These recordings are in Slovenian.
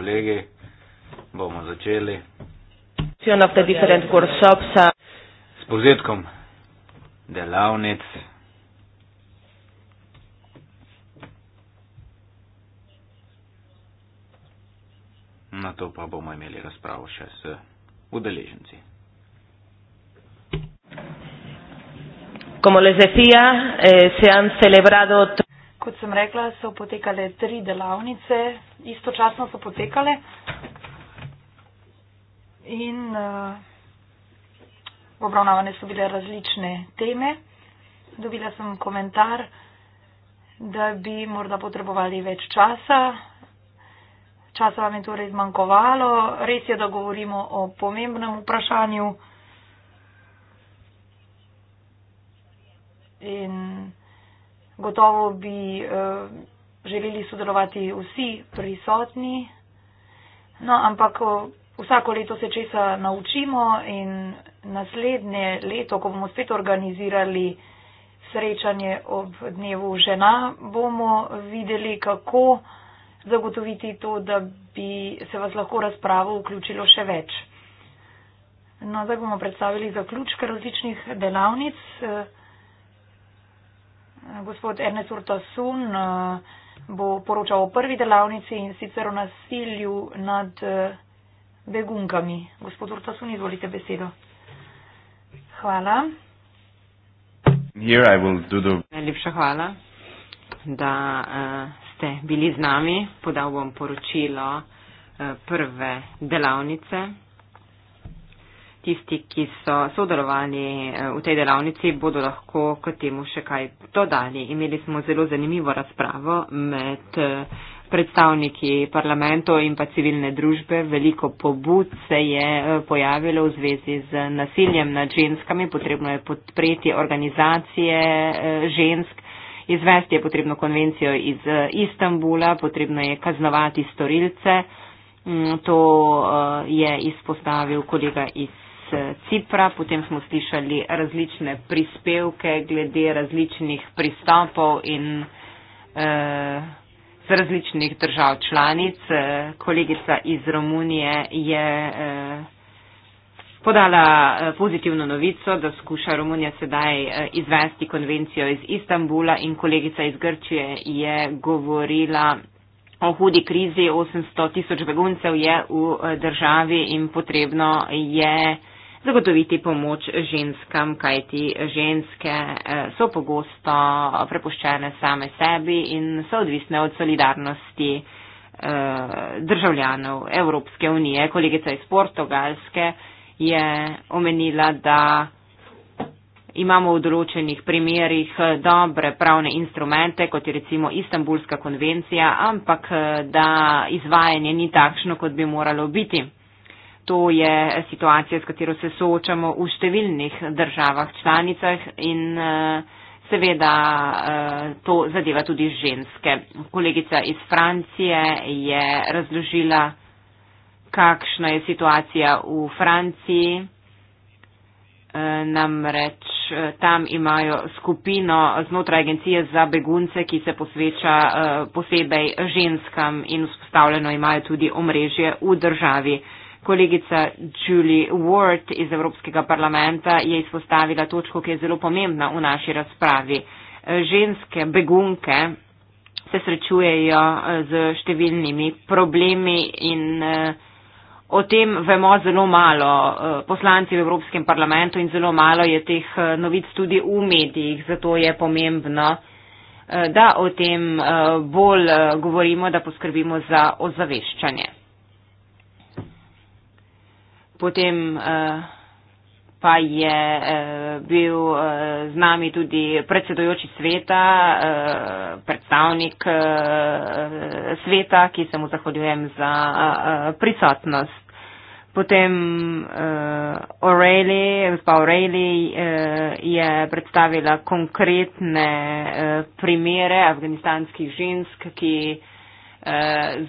kolegi, bomo začeli. S povzetkom delavnic. Na to pa bomo imeli razpravo še s udeleženci. Como les decía, eh, se han celebrado. Kot sem rekla, so potekale tri delavnice, istočasno so potekale. In uh, obravnavane so bile različne teme. Dobila sem komentar, da bi morda potrebovali več časa. Časa vam je torej zmanjkovalo. Res je, da govorimo o pomembnem vprašanju. In Gotovo bi eh, želeli sodelovati vsi prisotni, no, ampak eh, vsako leto se česa naučimo in naslednje leto, ko bomo spet organizirali srečanje ob dnevu žena, bomo videli, kako zagotoviti to, da bi se vas lahko razpravo vključilo še več. No, zdaj bomo predstavili zaključke različnih delavnic. Eh, Gospod Ernest Urtasun eh, bo poročal o prvi delavnici in sicer o nasilju nad eh, begunkami. Gospod Urtasun, izvolite besedo. Hvala. Najlepša hvala, da uh, ste bili z nami. Podal bom poročilo uh, prve delavnice tisti, ki so sodelovali eh, v tej delavnici, bodo lahko k temu še kaj dodali. Imeli smo zelo zanimivo razpravo med eh, predstavniki parlamentov in pa civilne družbe. Veliko pobud se je eh, pojavilo v zvezi z nasiljem nad ženskami. Potrebno je podpreti organizacije žensk. Izvesti je potrebno konvencijo iz Istanbula, potrebno je kaznovati storilce. Mm, to je izpostavil kolega iz Cipra, potem smo slišali različne prispevke glede različnih pristopov in eh, z različnih držav članic. Kolegica iz Romunije je eh, podala eh, pozitivno novico, da skuša Romunija sedaj izvesti konvencijo iz Istanbula in kolegica iz Grčije je govorila o hudi krizi. 800 tisoč beguncev je v državi in potrebno je zagotoviti pomoč ženskam, kajti ženske eh, so pogosto prepuščene same sebi in so odvisne od solidarnosti eh, državljanov Evropske unije. Kolegica iz Portugalske je omenila, da imamo v določenih primerjih eh, dobre pravne instrumente, kot je recimo Istanbulska konvencija, ampak da izvajanje ni takšno, kot bi moralo biti. To je situacija, s katero se soočamo v številnih državah članicah in eh, seveda eh, to zadeva tudi ženske. Kolegica iz Francije je razložila, kakšna je situacija v Franciji. Eh, namreč tam imajo skupino znotraj agencije za begunce, ki se posveča posebej ženskam in vzpostavljeno imajo tudi omrežje v državi. Kolegica Julie Ward iz Evropskega parlamenta je izpostavila točko, ki je zelo pomembna v naši razpravi. Ženske begunke se srečujejo z eh, številnimi problemi in eh, o tem vemo zelo malo eh, poslanci v Evropskem parlamentu in zelo malo je teh novic tudi v medijih, zato je pomembno, da o tem bolj govorimo, da poskrbimo za ozaveščanje potem uh, pa je uh, bil uh, z nami tudi predsedojoči sveta, uh, predstavnik uh, sveta, ki se mu zahvaljujem za uh, prisotnost. Potem uh, O'Reilly, gospa O'Reilly uh, je predstavila konkretne uh, primere afganistanskih žensk, ki uh,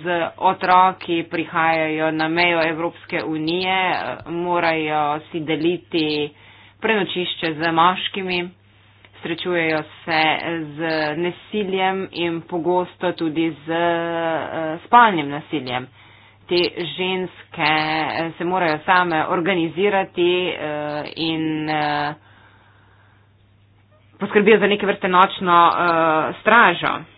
z otroki prihajajo na mejo Evropske unije, morajo si deliti prenočišče z moškimi, srečujejo se z nasiljem in pogosto tudi z eh, spalnim nasiljem. Te ženske eh, se morajo same organizirati eh, in poskrbijo za neke vrste nočno stražo.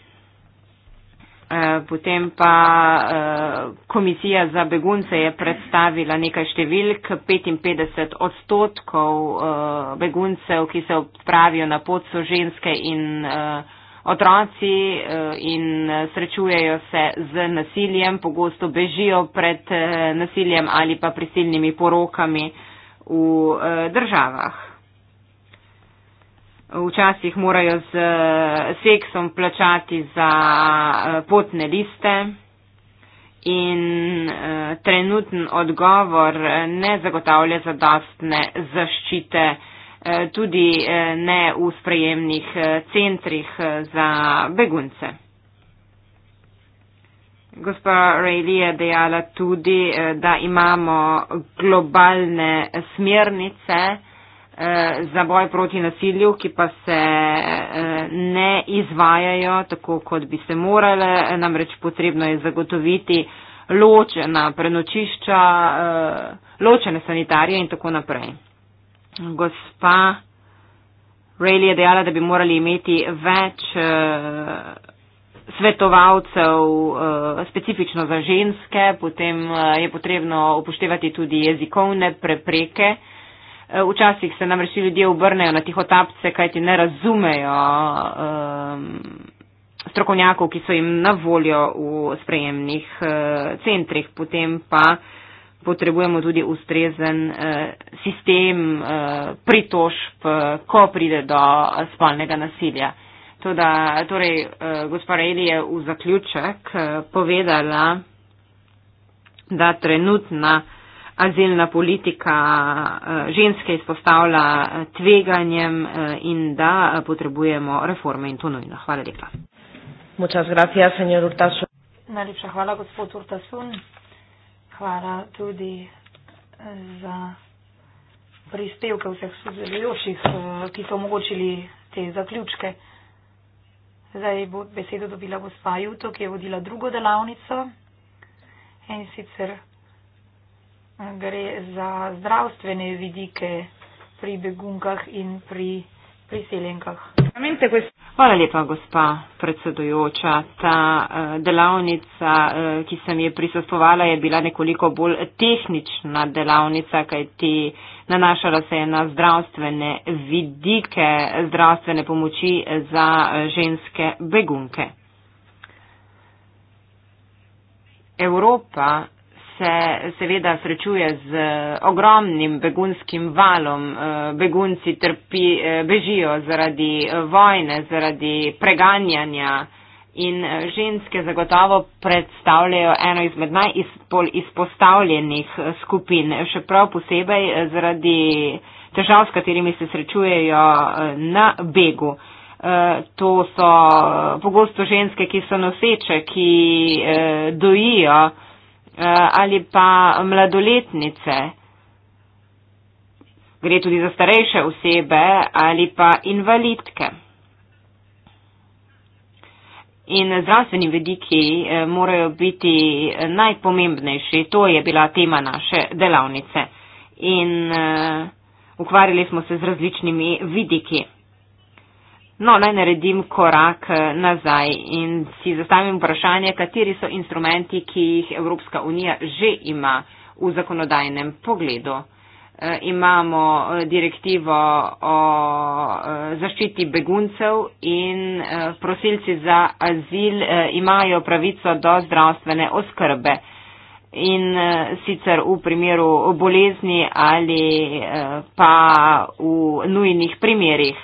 Eh, potem pa eh, komisija za begunce je predstavila nekaj številk, 55 odstotkov eh, beguncev, ki se odpravijo na pot, so ženske in otroci in srečujejo se z nasiljem, pogosto bežijo pred nasiljem ali pa prisilnimi porokami v državah včasih morajo z eh, seksom plačati za eh, potne liste in eh, trenuten odgovor ne zagotavlja zadostne zaščite, tudi ne v sprejemnih centrih za begunce. Gospa Rejli je dejala tudi, da imamo globalne smernice, Eh, za boj proti nasilju, ki pa se eh, ne izvajajo tako, kot bi se morale. Namreč potrebno je zagotoviti ločena prenočišča, eh, ločene sanitarije in tako naprej. Gospa Rayleigh je dejala, da bi morali imeti več svetovalcev specifično za ženske, potem je potrebno upoštevati tudi jezikovne prepreke. Eh, včasih se namreč ljudje obrnejo na tiho tapce, kajti ne razumejo um, strokovnjakov, ki so jim na voljo v sprejemnih uh, centrih. Potem pa potrebujemo tudi ustrezen uh, sistem uh, pritožb, uh, ko pride do spolnega nasilja. Toda, torej, uh, gospa Reli je v zaključek uh, povedala, da trenutna. Uh, azilna politika eh, ženske izpostavlja eh, tveganjem eh, in da potrebujemo reforme in to nujno. Hvala lepa. Gracias, Najlepša hvala, gospod Urtasun. Hvala tudi za prispevke vseh sodelujočih, ki so omogočili te zaključke. Zdaj bo besedo dobila gospa Juto, ki je vodila drugo delavnico in sicer gre za zdravstvene vidike pri begunkah in pri priseljenkah. Hvala lepa, gospa predsedujoča. Ta eh, delavnica, eh, ki sem je prisostovala, je bila nekoliko bolj tehnična delavnica, kajti nanašala se je na zdravstvene vidike zdravstvene pomoči za eh, ženske begunke. Evropa se seveda srečuje z ogromnim begunskim valom. Eh, begunci trpi, eh, bežijo zaradi eh, vojne, zaradi preganjanja in ženske zagotovo predstavljajo eno izmed najbolj izpostavljenih skupin, še prav posebej zaradi težav, s katerimi se srečujejo na begu. To so pogosto ženske, ki so noseče, ki dojijo, Eh, ali pa mladoletnice. Gre tudi za starejše osebe ali pa invalidke. In zdravstveni vediki eh, morajo biti najpomembnejši. To je bila tema naše delavnice. In eh, ukvarjali smo se z različnimi vidiki. No, naj naredim korak eh, nazaj in si zastavim vprašanje, kateri so instrumenti, ki jih Evropska unija že ima v zakonodajnem pogledu. E, imamo eh, direktivo o e, zaščiti beguncev in e, prosilci za azil e, imajo pravico do zdravstvene oskrbe in e, sicer v primeru bolezni ali e, pa v nujnih primerjih.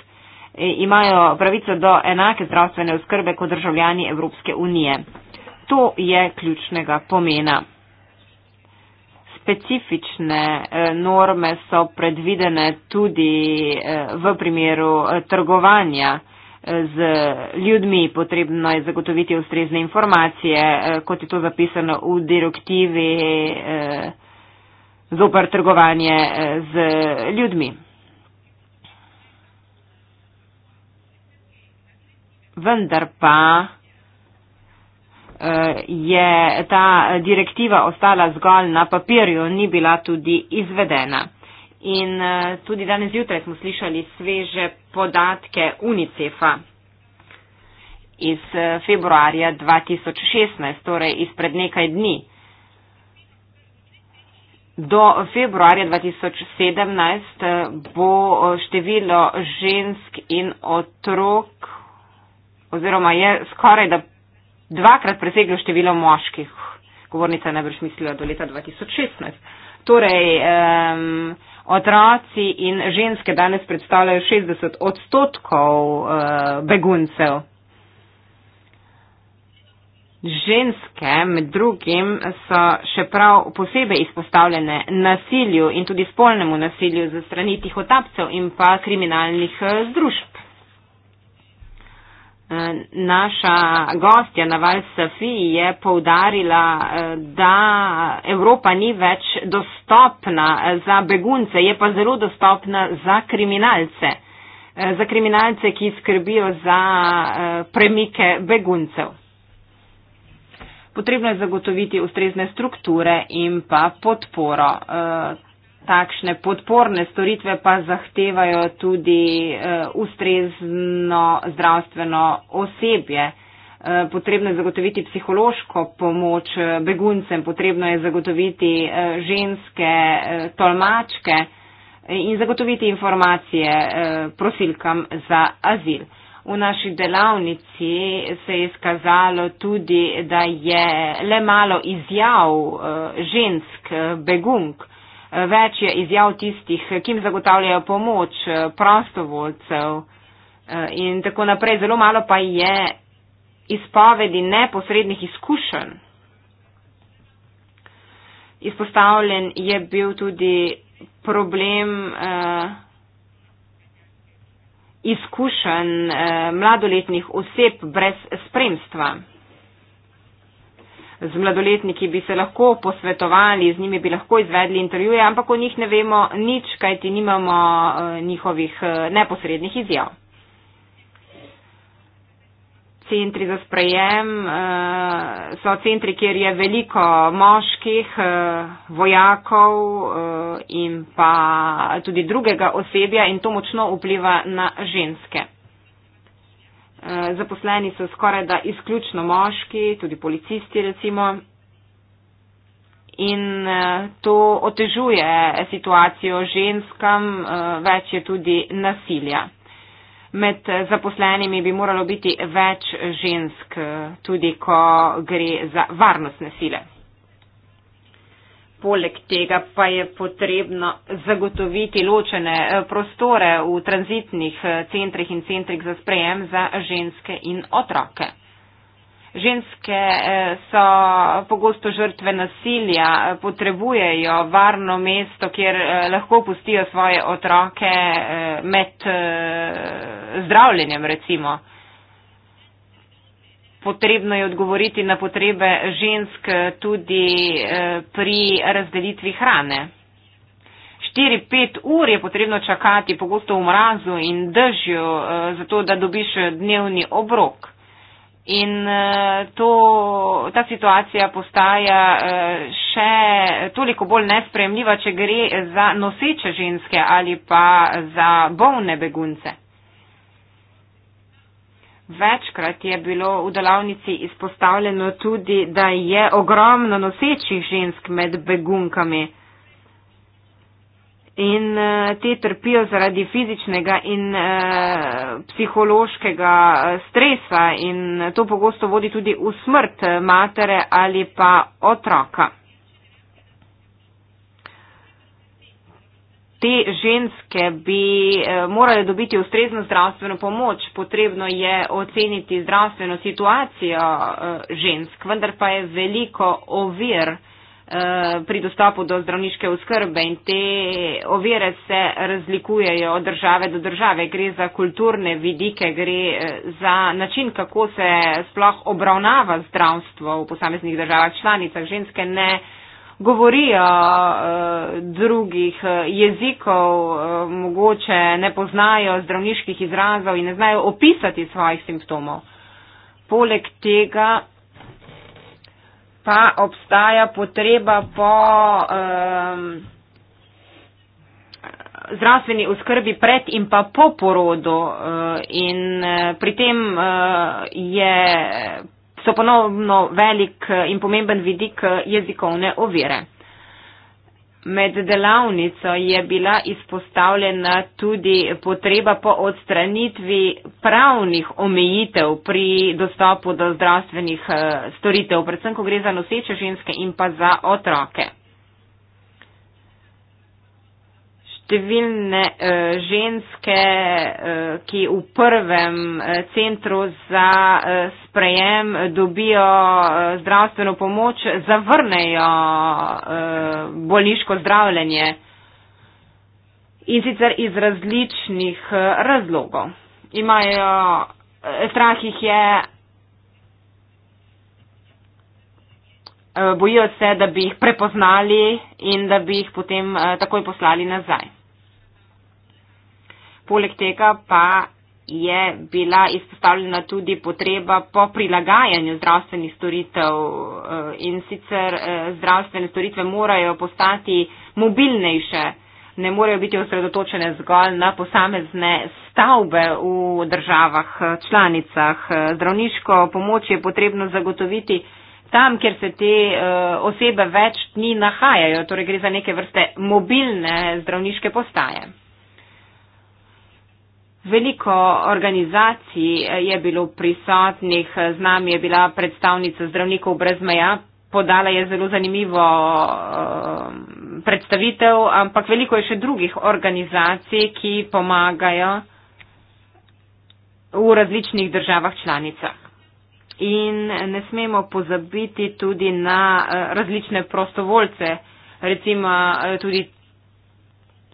E, imajo pravico do enake zdravstvene oskrbe kot državljani Evropske unije. To je ključnega pomena. Specifične e, norme so predvidene tudi e, v primeru trgovanja z ljudmi. Potrebno je zagotoviti ustrezne informacije, kot je to zapisano v direktivi zopr trgovanje z ljudmi. vendar pa eh, je ta direktiva ostala zgolj na papirju, ni bila tudi izvedena. In eh, tudi danes jutraj smo slišali sveže podatke UNICEF-a iz eh, februarja 2016, torej izpred nekaj dni. Do februarja 2017 bo število žensk in otrok oziroma je skoraj da dvakrat preseglo število moških. Govornica je najbrž mislila do leta 2016. Torej, um, otroci in ženske danes predstavljajo 60 odstotkov uh, beguncev. Ženske med drugim so še prav posebej izpostavljene nasilju in tudi spolnemu nasilju za strani tihotapcev in pa kriminalnih e, združb. Naša gostja na Val Safiji je povdarila, eh, da Evropa ni več dostopna eh, za begunce, je pa zelo dostopna za kriminalce, eh, za kriminalce, ki skrbijo za premike beguncev. Potrebno je zagotoviti ustrezne strukture in pa podporo takšne podporne storitve pa zahtevajo tudi uh, ustrezno zdravstveno osebje. Eh, potrebno je zagotoviti psihološko pomoč eh, beguncem, potrebno je zagotoviti ženske tolmačke in zagotoviti informacije prosilkam za azil. V naši delavnici se je skazalo tudi, da je le malo izjav žensk begunk, več je izjav tistih, ki jim zagotavljajo pomoč, eh, prostovoljcev eh, in tako naprej. Zelo malo pa je izpovedi neposrednih izkušenj. Izpostavljen je bil tudi problem eh, izkušenj eh, mladoletnih oseb brez spremstva z mladoletniki bi se lahko posvetovali, z njimi bi lahko izvedli intervjuje, ampak o njih ne vemo nič, kajti nimamo eh, njihovih eh, neposrednih izjav. Centri za sprejem eh, so centri, kjer je veliko moških, vojakov in pa tudi drugega osebja in to močno vpliva na ženske. Eh, zaposleni so skoraj da izključno moški, tudi policisti recimo. In eh, to otežuje situacijo ženskam, eh, več je tudi nasilja. Med zaposlenimi bi moralo biti več žensk, tudi ko gre za varnostne sile. Poleg tega pa je potrebno zagotoviti ločene eh, prostore v tranzitnih eh, centrih in centrih za sprejem za ženske in otroke. Ženske eh, so pogosto žrtve nasilja, potrebujejo varno mesto, kjer lahko pustijo svoje otroke med zdravljenjem recimo. Potrebno je odgovoriti na potrebe žensk tudi eh, pri razdelitvi hrane. 4-5 ur je potrebno čakati, pogosto v mrazu in držju, eh, zato da dobiš dnevni obrok. In eh, to, ta situacija postaja še toliko bolj nespremljiva, če gre za noseče ženske ali pa za bolne begunce. Večkrat je bilo v delavnici izpostavljeno tudi, da je ogromno nosečih žensk med begunkami. In eh, te trpijo zaradi fizičnega in e, psihološkega eh, stresa in to pogosto vodi tudi v smrt matere ali pa otroka. te ženske bi eh, morale dobiti ustrezno zdravstveno pomoč, potrebno je oceniti zdravstveno situacijo eh, žensk, vendar pa je veliko ovir eh, pri dostopu do zdravniške oskrbe in te ovire se razlikujejo od države do države. Gre za kulturne vidike, gre za način, kako se sploh obravnava zdravstvo v posameznih državah članicah. Ženske ne govorijo uh, eh, drugih eh, jezikov, uh, mogoče ne poznajo zdravniških izrazov in ne znajo opisati svojih simptomov. Poleg tega pa obstaja potreba po um, zdravstveni oskrbi pred in pa po porodu uh, in uh, pri tem uh, je so ponovno velik eh, in pomemben vidik eh, jezikovne ovire. Med delavnico je bila izpostavljena tudi potreba po odstranitvi pravnih omejitev pri dostopu do zdravstvenih eh, storitev, predvsem ko gre za noseče ženske in pa za otroke. številne uh, ženske, uh, ki v prvem uh, centru za uh, sprejem dobijo uh, zdravstveno pomoč, zavrnejo uh, bolniško zdravljenje in sicer iz različnih uh, razlogov. Imajo, uh, strah jih je, Bojijo se, da bi jih prepoznali in da bi jih potem takoj poslali nazaj. Poleg tega pa je bila izpostavljena tudi potreba po prilagajanju zdravstvenih storitev eh, in sicer eh, zdravstvene storitve morajo postati mobilnejše, ne morejo biti osredotočene zgolj na posamezne stavbe v državah eh, članicah. Zdravniško pomoč je potrebno zagotoviti tam, kjer se te osebe več dni nahajajo, torej gre za neke vrste mobilne zdravniške postaje. Veliko organizacij eh, je bilo prisotnih, z nami je bila predstavnica zdravnikov brez meja, podala je zelo zanimivo eh, predstavitev, ampak veliko je še drugih organizacij, ki pomagajo v različnih državah članicah. In ne smemo pozabiti tudi na eh, različne prostovoljce, recimo tudi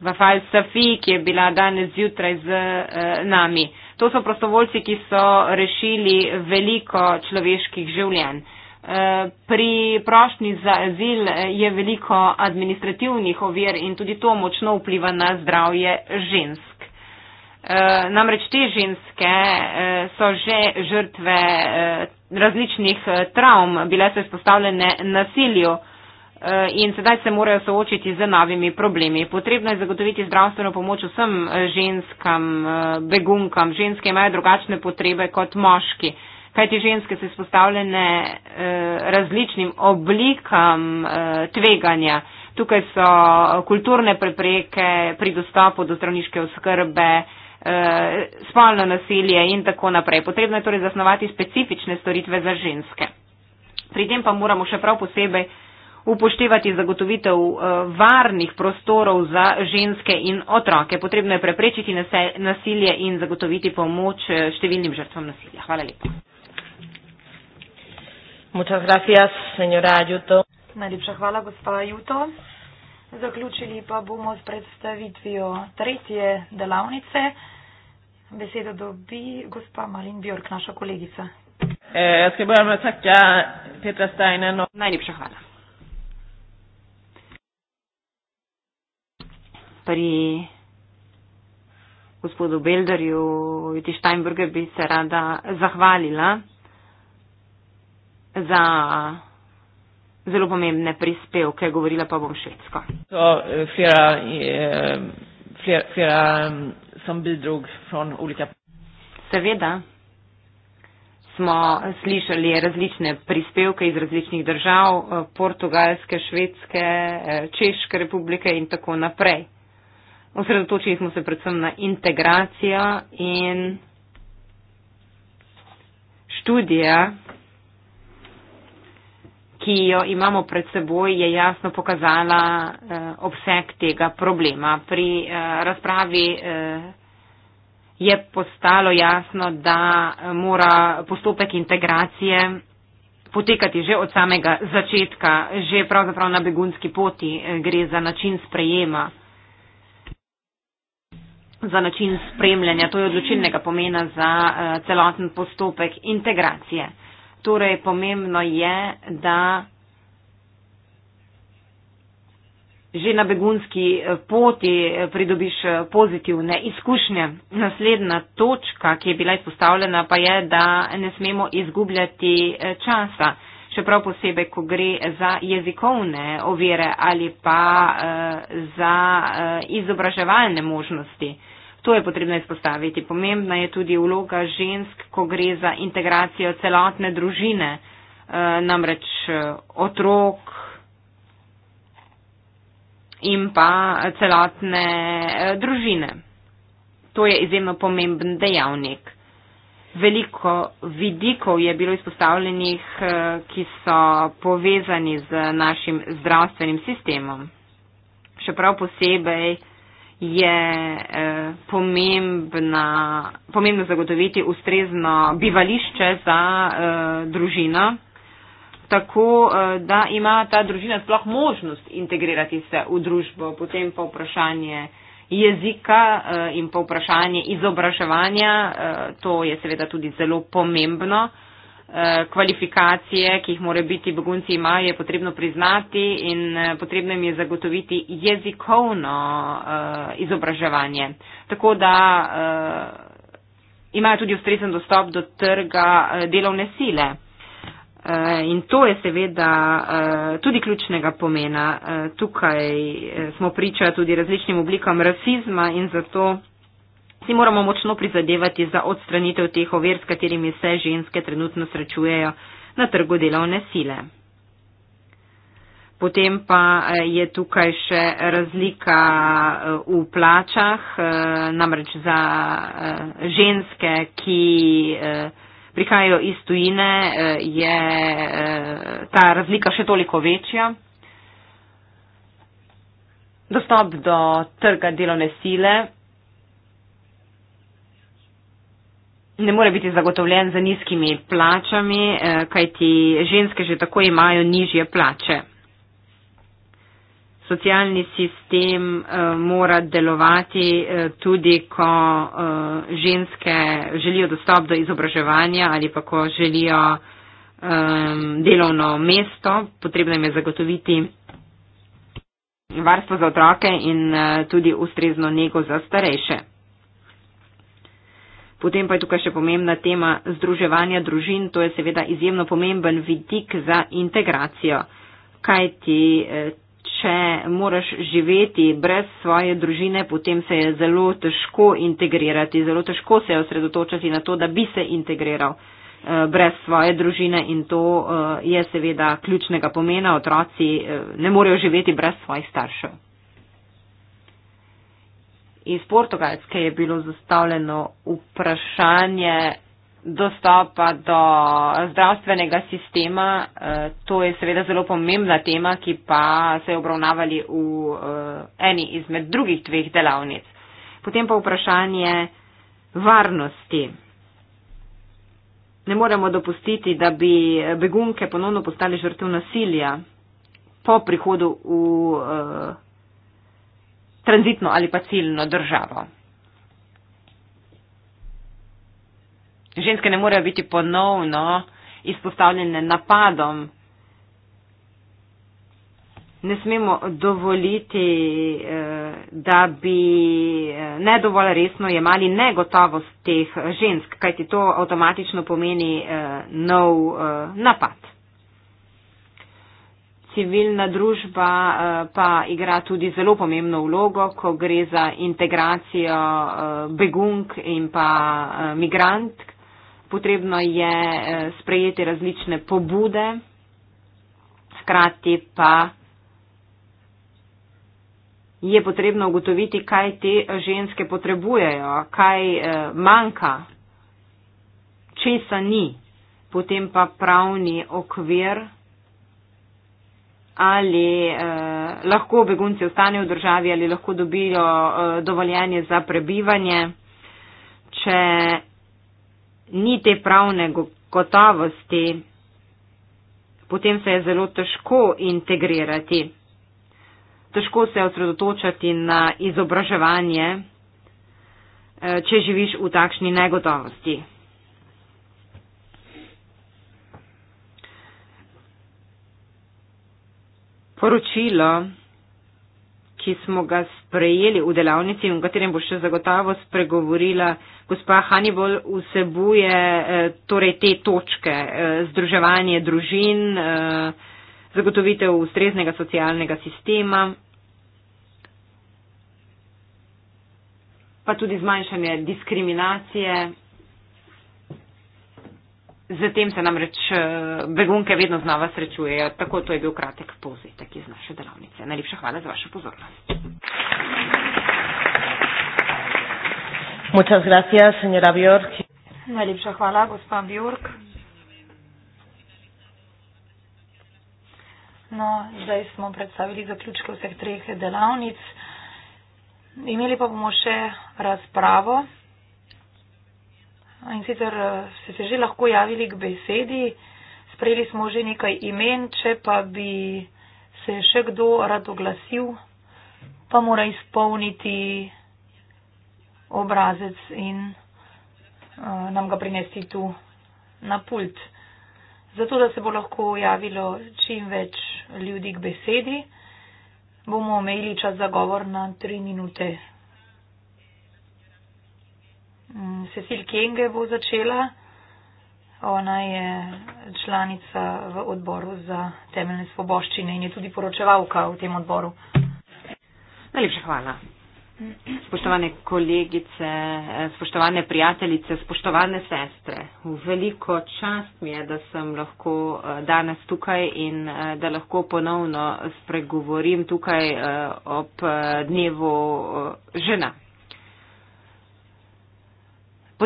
Vafal Safi, ki je bila danes zjutraj z eh, nami. To so prostovoljci, ki so rešili veliko človeških življenj. Eh, pri prošnji za azil eh, je veliko administrativnih ovir in tudi to močno vpliva na zdravje žensk. Namreč te ženske so že žrtve različnih travm, bile so izpostavljene nasilju. Eh, in sedaj se morajo soočiti z novimi problemi. Potrebno je zagotoviti zdravstveno pomoč vsem eh, ženskam, eh, begunkam. Ženske imajo drugačne potrebe kot moški. Kaj ti ženske so izpostavljene različnim oblikam tveganja? Tukaj so kulturne prepreke pri dostopu do zdravniške oskrbe, spolno nasilje in tako naprej. Potrebno je torej zasnovati specifične storitve za ženske. Pri tem pa moramo še prav posebej upoštevati zagotovitev eh, varnih prostorov za ženske in otroke. Potrebno je preprečiti nasilje in zagotoviti pomoč eh, številnim žrtvam nasilja. Hvala lepa. Gracias, Najlepša hvala, gospa Juto. Zaključili pa bomo s predstavitvijo tretje delavnice. Besedo dobi gospa Malin Bjork, naša kolegica. Eh, no. Najlepša hvala. pri gospodu Belderju, Viti Steinburger, bi se rada zahvalila za zelo pomembne prispevke, govorila pa bom švedsko. So, eh, eh, flera, flera, flera, eh, sem bidrug from ulica. Seveda smo slišali različne prispevke iz različnih držav, portugalske, švedske, češke republike in tako naprej osredotočili smo se predvsem na integracijo in študija, ki jo imamo pred seboj, je jasno pokazala eh, obseg tega problema. Pri eh, razpravi eh, je postalo jasno, da mora postopek integracije potekati že od samega začetka, že pravzaprav na begunski poti eh, gre za način sprejema za način spremljanja. To je odločilnega pomena za eh, celoten postopek integracije. Torej, pomembno je, da že na begunski eh, poti eh, pridobiš pozitivne izkušnje. Naslednja točka, ki je bila izpostavljena, pa je, da ne smemo izgubljati časa čeprav posebej, ko gre za jezikovne ovire ali pa uh, za uh, izobraževalne možnosti. To je potrebno izpostaviti. Pomembna je tudi vloga žensk, ko gre za integracijo celotne družine, uh, namreč otrok. In pa celotne družine. To je izjemno pomemben dejavnik veliko vidikov je bilo izpostavljenih, eh, ki so povezani z našim zdravstvenim sistemom. Še prav posebej je eh, pomembna, pomembno zagotoviti ustrezno bivališče za eh, družino, tako da ima ta družina sploh možnost integrirati se v družbo, potem pa vprašanje, jezika eh, in pa vprašanje izobraževanja, eh, to je seveda tudi zelo pomembno. Eh, kvalifikacije, ki jih more biti begunci imajo, je potrebno priznati in potrebno jim je zagotoviti jezikovno izobraževanje. Tako da imajo tudi ustrezen dostop do trga delovne sile. Eh, in to je seveda eh, tudi ključnega pomena. Eh, tukaj smo priča tudi različnim oblikam rasizma in zato si moramo močno prizadevati za odstranitev teh ovir, s katerimi se ženske trenutno srečujejo na trgu delovne sile. Potem pa je tukaj še razlika v plačah, namreč za ženske, ki prihajajo iz tujine, eh, je eh, ta razlika še toliko večja. Dostop do trga delovne sile ne more biti zagotovljen za nizkimi plačami, eh, kajti ženske že tako imajo nižje plače socialni sistem uh, mora delovati uh, tudi, ko uh, ženske želijo dostop do izobraževanja ali pa ko želijo um, delovno mesto. Potrebno jim je zagotoviti varstvo za otroke in uh, tudi ustrezno nego za starejše. Potem pa je tukaj še pomembna tema združevanja družin. To je seveda izjemno pomemben vidik za integracijo, kajti eh, če moraš živeti brez svoje družine, potem se je zelo težko integrirati, zelo težko se je osredotočiti na to, da bi se integriral eh, brez svoje družine in to eh, je seveda ključnega pomena. Otroci eh, ne morejo živeti brez svojih staršev. Iz Portugalske je bilo zastavljeno vprašanje dostopa do zdravstvenega sistema. Eh, to je seveda zelo pomembna tema, ki pa se je obravnavali v eh, eni izmed drugih dveh delavnic. Potem pa vprašanje varnosti. Ne moremo dopustiti, da bi begunke ponovno postali žrtev nasilja po prihodu v eh, tranzitno ali pa ciljno državo. Ženske ne morejo biti ponovno izpostavljene napadom. Ne smemo dovoliti, eh, da bi eh, ne dovolj resno jemali negotovost teh žensk, kajti to avtomatično pomeni eh, nov napad. Civilna družba pa igra tudi zelo pomembno vlogo, ko gre za integracijo begunk in pa migrantk potrebno je eh, sprejeti različne pobude, hkrati pa je potrebno ugotoviti, kaj te ženske potrebujejo, kaj eh, manjka, česa ni, potem pa pravni okvir, ali eh, lahko begunci ostanejo v državi, ali lahko dobijo eh, dovoljenje za prebivanje. Če ni te pravne gotovosti, potem se je zelo težko integrirati. Težko se je osredotočati na izobraževanje, eh, če živiš v takšni negotovosti. Poročilo ki smo ga sprejeli v delavnici, v katerem bo še zagotavo spregovorila gospa Hannibal, vsebuje eh, torej te točke eh, združevanje družin, eh, zagotovitev ustreznega socialnega sistema, pa tudi zmanjšanje diskriminacije. Z tem se namreč eh, begunke vedno znova srečujejo. Tako to je bil kratek povzetek iz naše delavnice. Najlepša hvala za vašo pozornost. Muchas gracias, señora Bjork. Najlepša hvala, gospa Bjork. No, zdaj smo predstavili zaključke vseh treh delavnic. Imeli pa bomo še razpravo. In sicer eh, ste se že lahko javili k besedi, sprejeli smo že nekaj imen, če pa bi se še kdo rad oglasil, pa mora izpolniti obrazec in uh, nam ga prinesti tu na pult. Zato, da se bo lahko javilo čim več ljudi k besedi, bomo omejili čas za govor na tri minute. Mm, Cecil Kenge bo začela. Ona je članica v odboru za temeljne svoboščine in je tudi poročevalka v tem odboru. Najlepša hvala. Spoštovane kolegice, spoštovane prijateljice, spoštovane sestre, veliko čast mi je, da sem lahko eh, danes tukaj in eh, da lahko ponovno spregovorim tukaj eh, ob dnevu žena,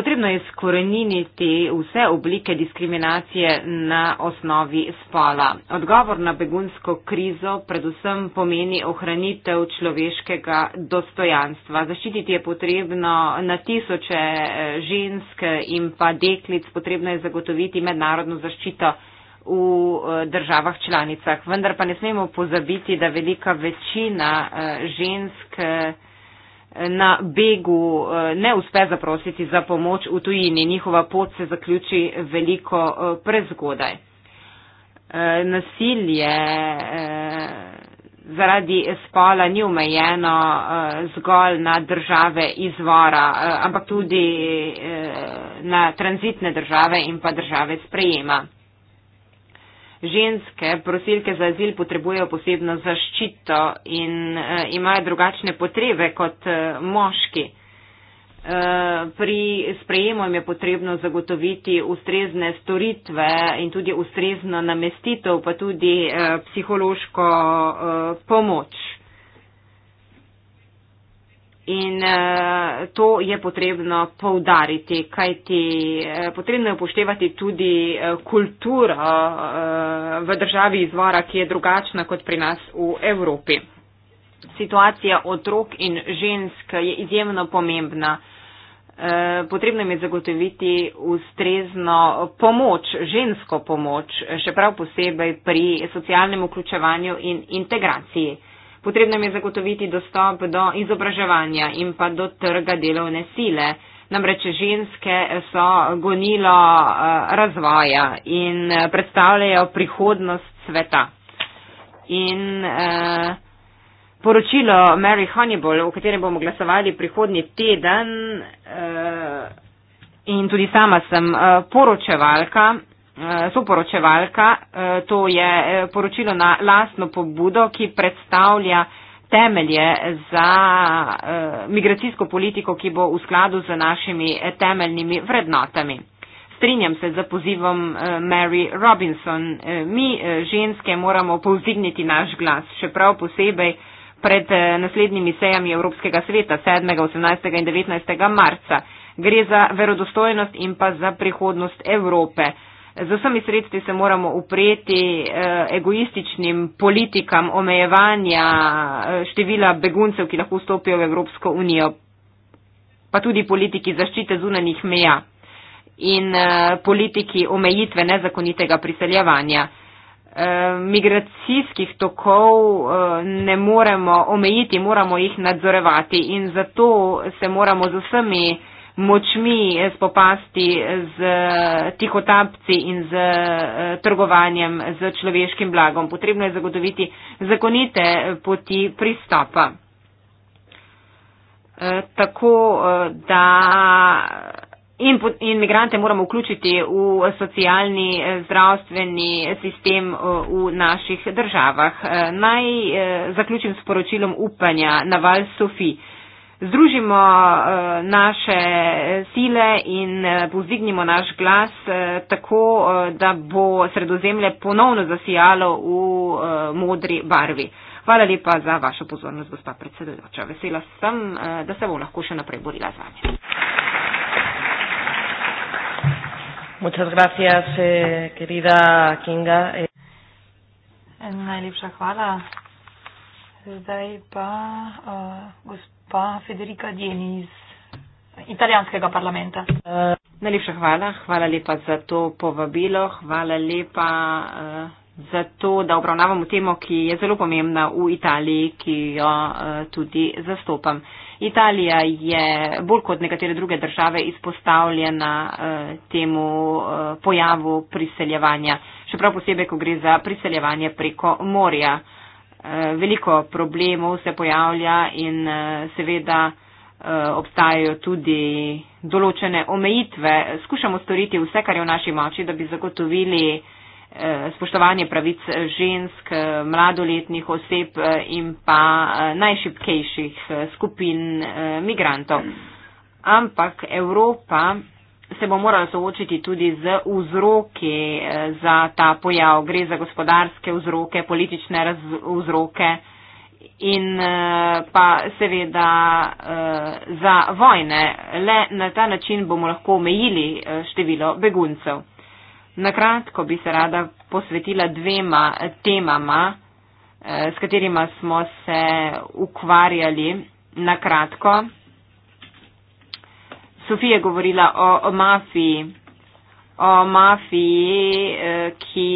Potrebno je skoreniniti vse oblike diskriminacije na osnovi spola. Odgovor na begunsko krizo predvsem pomeni ohranitev človeškega dostojanstva. Zaščititi je potrebno na tisoče eh, žensk in pa deklic, potrebno je zagotoviti mednarodno zaščito v eh, državah članicah. Vendar pa ne smemo pozabiti, da velika večina eh, žensk na begu eh, ne uspe zaprositi za pomoč v tujini. Njihova pot se zaključi veliko eh, prezgodaj. Eh, nasilje zaradi spola ni omejeno zgolj na države izvora, ampak tudi na tranzitne države in pa države sprejema ženske, prosilke za azil potrebujejo posebno zaščito in uh, imajo drugačne potrebe kot uh, moški. Eh, pri sprejemu je potrebno zagotoviti ustrezne storitve in tudi ustrezno namestitev, pa tudi psihološko pomoč. In eh, to je potrebno poudariti, kajti eh, potrebno je upoštevati tudi eh, kulturo eh, v državi izvora, ki je drugačna kot pri nas v Evropi. Situacija otrok in žensk je izjemno pomembna. Eh, potrebno je zagotoviti ustrezno pomoč, žensko pomoč, še prav posebej pri socialnem vključevanju in integraciji. Potrebno je zagotoviti dostop do izobraževanja in pa do trga delovne sile. Namreč ženske so gonilo eh, razvoja in eh, predstavljajo prihodnost sveta. In eh, poročilo Mary Honeyball, o katerem bomo glasovali prihodnji teden, eh, in tudi sama sem eh, poročevalka, Eh, soporočevalka. Eh, to je eh, poročilo na lastno pobudo, ki predstavlja temelje za migracijsko politiko, ki bo v skladu z našimi temeljnimi vrednotami. Strinjam se za pozivom Mary Robinson. Mi ženske moramo povzdigniti naš glas, še prav posebej pred naslednjimi sejami Evropskega sveta 7., 18. in 19. marca. Gre za verodostojnost in pa za prihodnost Evrope z vsemi sredstvi se moramo upreti eh, egoističnim politikam omejevanja eh, števila beguncev, ki lahko vstopijo v Evropsko unijo, pa tudi politiki zaščite zunanih meja in eh, politiki omejitve nezakonitega priseljevanja. Migracijskih tokov ne moremo omejiti, moramo jih nadzorevati in zato se moramo z vsemi močmi eh, spopasti z eh, tihotapci in z eh, trgovanjem z človeškim blagom. Potrebno je zagotoviti zakonite poti pristopa. Tako da imigrante moramo vključiti v socialni zdravstveni sistem v naših državah. Naj zaključim s poročilom upanja na val Sofi združimo eh, naše sile in eh, povzdignimo naš glas eh, tako, da bo sredozemlje ponovno zasijalo v modri barvi. Hvala lepa za vašo pozornost, gospa predsedujoča. Vesela sem, da se bom lahko še naprej borila z vami. Gracias, eh, Kinga. Eh. Najlepša hvala. Zdaj pa uh, gospod pa Federica Djeni iz italijanskega parlamenta. Uh, najlepša hvala, hvala lepa za to povabilo, hvala lepa uh, za to, da obravnavamo temo, ki je zelo pomembna v Italiji, ki jo uh, tudi zastopam. Italija je bolj kot nekatere druge države izpostavljena temu pojavu priseljevanja, še prav posebej, ko gre za priseljevanje preko morja. Eh, veliko problemov se pojavlja in eh, seveda eh, obstajajo tudi določene omejitve. Skušamo storiti vse, kar je v naši moči, da bi zagotovili spoštovanje pravic žensk, mladoletnih oseb in pa najšipkejših skupin migrantov. Ampak Evropa se bo moralo soočiti tudi z vzroki eh, za ta pojav. Gre za gospodarske vzroke, politične vzroke in eh, pa seveda eh, za vojne. Le na ta način bomo lahko omejili število beguncev. Nakratko bi se rada posvetila dvema temama, s katerima smo se ukvarjali nakratko. Sofija govorila o, o mafiji, o mafiji, eh, ki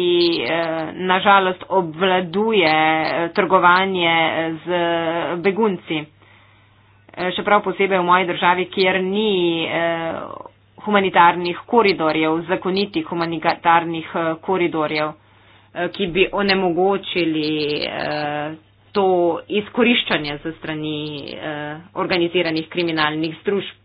eh, nažalost obvladuje eh, trgovanje z begunci. Še prav posebej v moji državi, kjer ni humanitarnih koridorjev, zakonitih humanitarnih koridorjev, ki bi onemogočili to izkoriščanje ze strani organiziranih kriminalnih združb.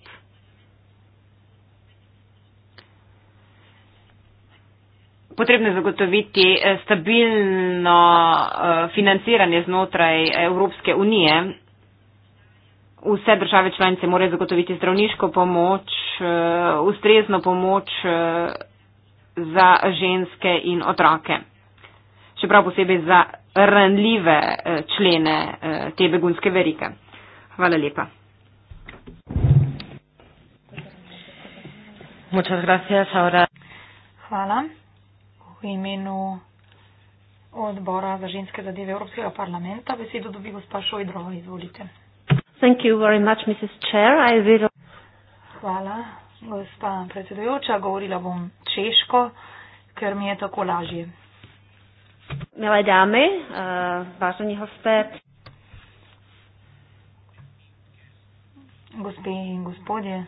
potrebno je zagotoviti eh, stabilno eh, financiranje znotraj Evropske unije. Vse države članice morajo zagotoviti zdravniško pomoč, eh, ustrezno pomoč za ženske in otroke. Še prav posebej za ranljive člene te begunske verike. Hvala lepa. Hvala imenu odbora za ženske zadeve Evropskega parlamenta. Besedo dobi gospa Šojdrova, izvolite. Much, Chair, will... Hvala, gospa predsedujoča. Govorila bom češko, ker mi je tako lažje. Dame, uh, Gospe in gospodje,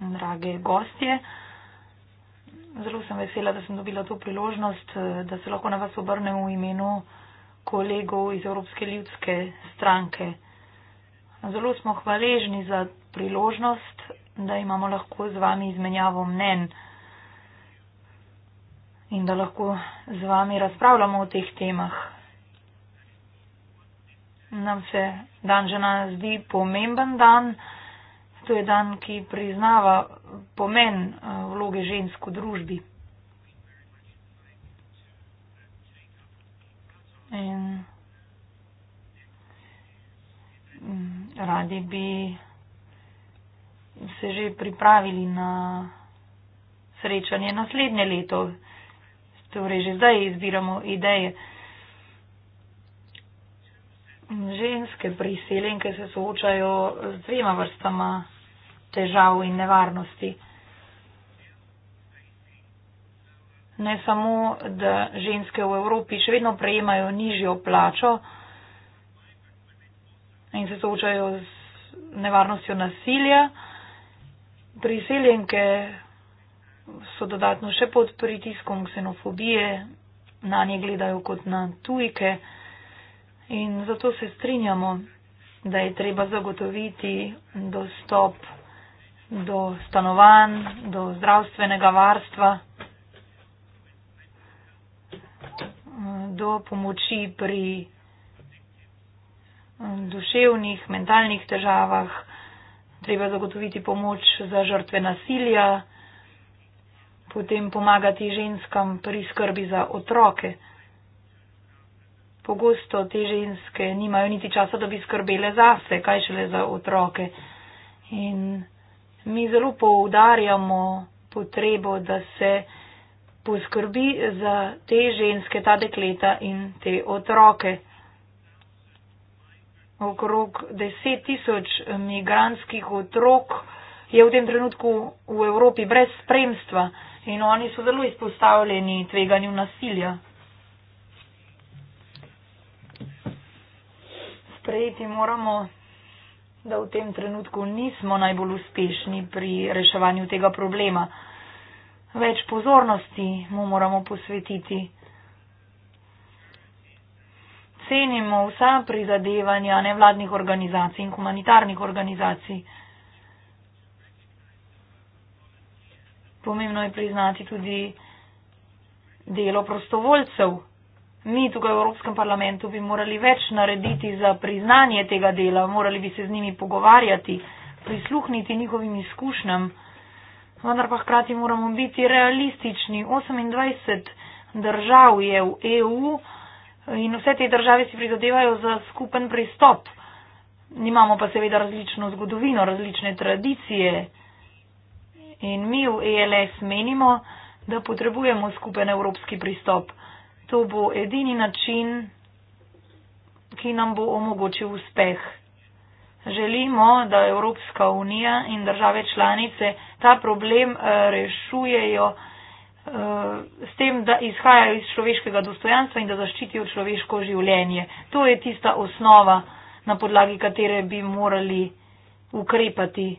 drage gostje. Uh, zelo sem vesela, da sem dobila to priložnost, eh, da se lahko na vas obrnem v imenu kolegov iz Evropske ljudske stranke. Zelo smo hvaležni za priložnost, da imamo lahko z vami izmenjavo mnen in da lahko z vami razpravljamo o teh temah. Nam se dan žena zdi pomemben dan. To je dan, ki priznava pomen eh, vloge žensk v družbi. In mm, radi bi se že pripravili na srečanje naslednje leto. Torej, že zdaj izbiramo ideje. Ženske priseljenke se soočajo z dvema vrstama težav in nevarnosti. ne samo, da ženske v Evropi še vedno prejemajo nižjo plačo in se soočajo z nevarnostjo nasilja, priseljenke so dodatno še pod pritiskom ksenofobije, na nje gledajo kot na tujke in zato se strinjamo, da je treba zagotoviti dostop do stanovanj, do zdravstvenega varstva. do pomoči pri um, duševnih, mentalnih težavah, treba zagotoviti pomoč za žrtve nasilja, potem pomagati ženskam pri skrbi za otroke. Pogosto te ženske nimajo niti časa, da bi skrbele zase, kaj šele za otroke. In mi zelo poudarjamo potrebo, da se poskrbi za te ženske, ta dekleta in te otroke. Okrog deset tisoč migranskih otrok je v tem trenutku v Evropi brez spremstva in oni so zelo izpostavljeni tveganju nasilja. Sprejeti moramo, da v tem trenutku nismo najbolj uspešni pri reševanju tega problema več pozornosti mu moramo posvetiti. Cenimo vsa prizadevanja nevladnih organizacij in humanitarnih organizacij. Pomembno je priznati tudi delo prostovoljcev. Mi tukaj v Evropskem parlamentu bi morali več narediti za priznanje tega dela, morali bi se z njimi pogovarjati, prisluhniti njihovim izkušnjam vendar pa hkrati moramo biti realistični. 28 držav je v EU in vse te države si prizadevajo za skupen pristop. Nimamo pa seveda različno zgodovino, različne tradicije in mi v ELS menimo, da potrebujemo skupen evropski pristop. To bo edini način, ki nam bo omogočil uspeh. Želimo, da Evropska unija in države članice ta problem eh, rešujejo eh, s tem, da izhajajo iz človeškega dostojanstva in da zaščitijo človeško življenje. To je tista osnova, na podlagi katere bi morali ukrepati.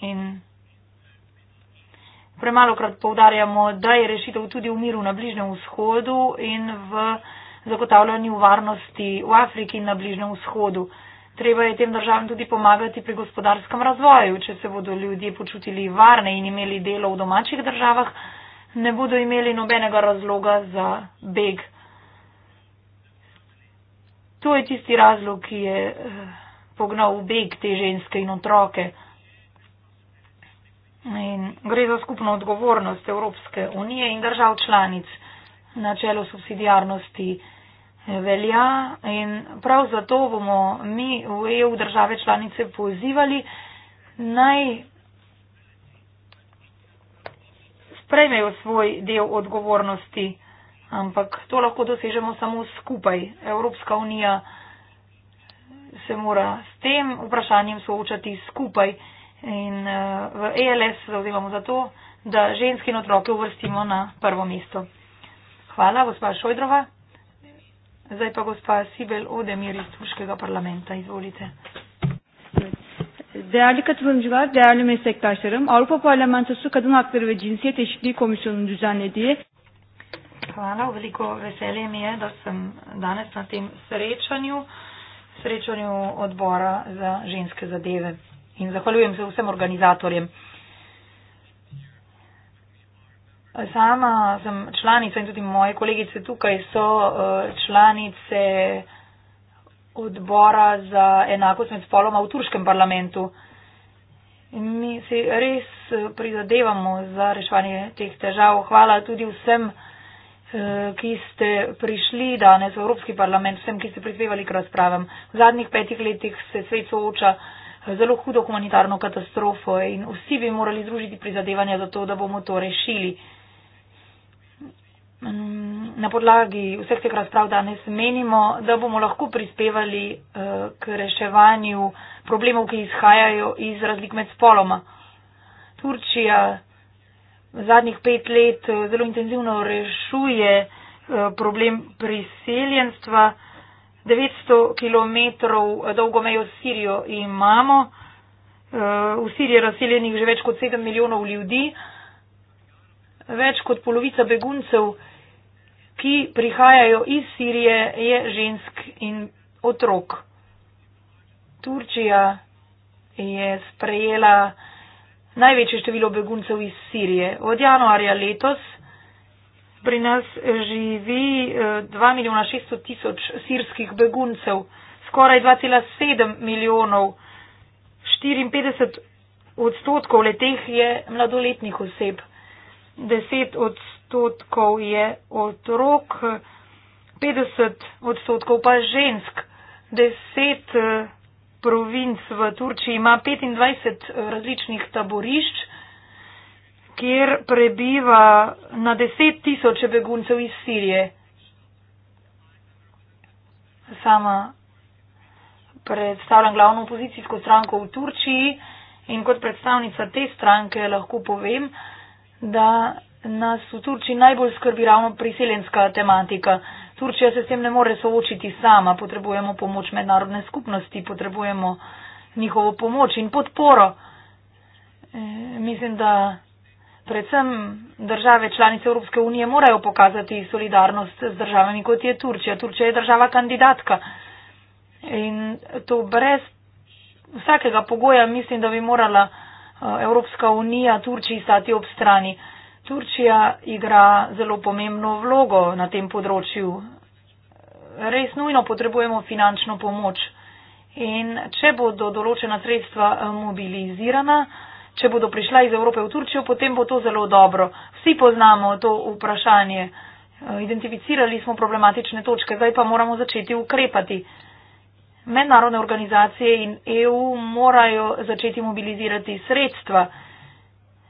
In premalokrat povdarjamo, da je rešitev tudi v miru na Bližnem vzhodu in v zagotavljanju varnosti v Afriki in na Bližnem vzhodu. Treba je tem državam tudi pomagati pri gospodarskem razvoju. Če se bodo ljudje počutili varne in imeli delo v domačih državah, ne bodo imeli nobenega razloga za beg. To je tisti razlog, ki je eh, pognal v beg te ženske in otroke. In gre za skupno odgovornost Evropske unije in držav članic na čelo subsidijarnosti velja in prav zato bomo mi v EU države članice pozivali naj sprejmejo svoj del odgovornosti, ampak to lahko dosežemo samo skupaj. Evropska unija se mora s tem vprašanjem soočati skupaj in eh, v ELS zauzemamo za to, da ženske in otroke uvrstimo na prvo mesto. Hvala, gospa Šojdrova. Zdaj pa gospa Sibel Odemir iz Turškega parlamenta. Izvolite. Değerli katılımcılar, değerli meslektaşlarım, Avrupa Parlamentosu Kadın Hakları ve Cinsiyet Eşitliği Komisyonu'nun düzenlediği Hvala, veliko veselje mi je, da sem danes na tem srečanju, srečanju odbora za ženske zadeve. In zahvaljujem se vsem organizatorjem. Sama sem članica in tudi moje kolegice tukaj so eh, članice odbora za enakost med spoloma v turškem parlamentu. In mi si res eh, prizadevamo za reševanje teh težav. Hvala tudi vsem, eh, ki ste prišli danes v Evropski parlament, vsem, ki ste prispevali k razpravam. V zadnjih petih letih se svet sooča zelo hudo humanitarno katastrofo in vsi bi morali združiti prizadevanja za to, da bomo to rešili na podlagi vseh teh razprav danes menimo, da bomo lahko prispevali eh, k reševanju problemov, ki izhajajo iz razlik med spoloma. Turčija v zadnjih pet let eh, zelo intenzivno rešuje eh, problem priseljenstva. 900 km dolgo mejo s Sirijo imamo. V Siriji je razseljenih že več kot 7 milijonov ljudi. Več kot polovica beguncev ki prihajajo iz Sirije, je žensk in otrok. Turčija je sprejela največje število beguncev iz Sirije. Od januarja letos pri nas živi 2 eh, milijona 600 tisoč sirskih beguncev, skoraj 2,7 milijonov. 54 odstotkov leteh je mladoletnih oseb, 10 odstotkov odstotkov je otrok, 50 odstotkov pa žensk. Deset eh, provinc v Turčiji ima 25 eh, različnih taborišč, kjer prebiva na deset tisoče beguncev iz Sirije. Sama predstavljam glavno opozicijsko stranko v Turčiji in kot predstavnica te stranke lahko povem, da nas v Turčiji najbolj skrbi ravno priseljenska tematika. Turčija se s tem ne more soočiti sama, potrebujemo pomoč mednarodne skupnosti, potrebujemo njihovo pomoč in podporo. E, mislim, da predvsem države članice Evropske unije morajo pokazati solidarnost z državami, kot je Turčija. Turčija je država kandidatka in to brez vsakega pogoja mislim, da bi morala e, Evropska unija Turčiji stati ob strani. Turčija igra zelo pomembno vlogo na tem področju. Res nujno potrebujemo finančno pomoč. In če bodo določena sredstva eh, mobilizirana, če bodo prišla iz Evrope v Turčijo, potem bo to zelo dobro. Vsi poznamo to vprašanje. Eh, identificirali smo problematične točke, zdaj pa moramo začeti ukrepati. Mednarodne organizacije in EU morajo začeti mobilizirati sredstva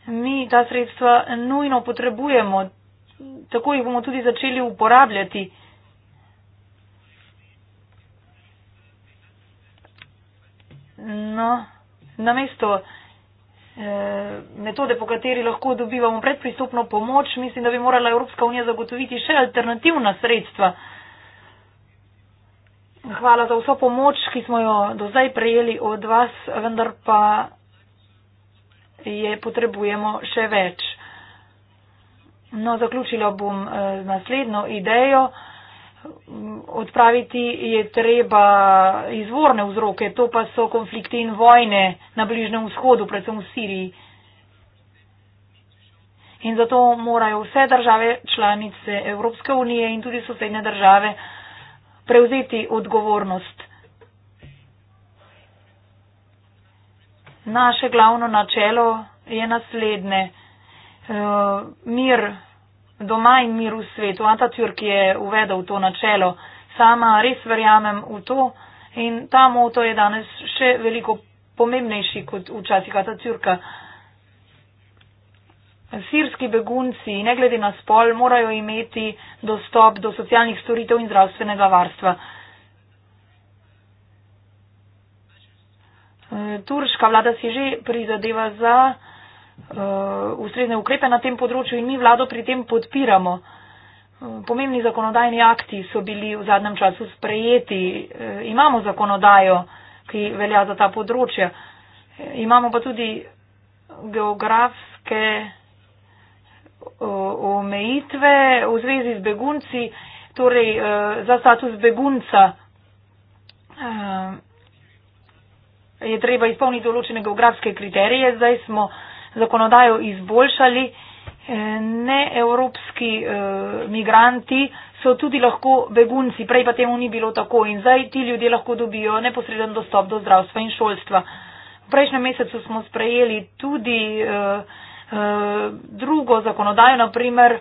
mi ta sredstva nujno potrebujemo, tako jih bomo tudi začeli uporabljati. No, namesto eh, metode, po kateri lahko dobivamo predpristopno pomoč, mislim, da bi morala Evropska unija zagotoviti še alternativna sredstva. Hvala za vso pomoč, ki smo jo do zdaj prejeli od vas, vendar pa je potrebujemo še več. No, zaključila bom eh, z naslednjo idejo. Odpraviti je treba izvorne vzroke, to pa so konflikti in vojne na Bližnem vzhodu, predvsem v Siriji. In zato morajo vse države članice Evropske unije in tudi sosednje države prevzeti odgovornost. naše glavno načelo je naslednje. Eh, mir doma in mir v svetu. Atatürk je uvedel to načelo. Sama res verjamem v to in ta moto je danes še veliko pomembnejši kot včasih Atatürka. Sirski begunci, ne glede na spol, morajo imeti dostop do socialnih storitev in zdravstvenega varstva. Turška vlada si že prizadeva za uh, ustrezne ukrepe na tem področju in mi vlado pri tem podpiramo. Eh, pomembni zakonodajni akti so bili v zadnjem času sprejeti. Eh, imamo zakonodajo, ki velja za ta področja. Imamo pa tudi geografske omejitve v zvezi z begunci, torej za status begunca je treba izpolniti določene geografske kriterije. Zdaj smo zakonodajo izboljšali. Eh, neevropski eh, migranti so tudi lahko begunci, prej pa temu ni bilo tako in zdaj ti ljudje lahko dobijo neposreden dostop do zdravstva in šolstva. V prejšnjem mesecu smo sprejeli tudi eh, drugo zakonodajo, naprimer,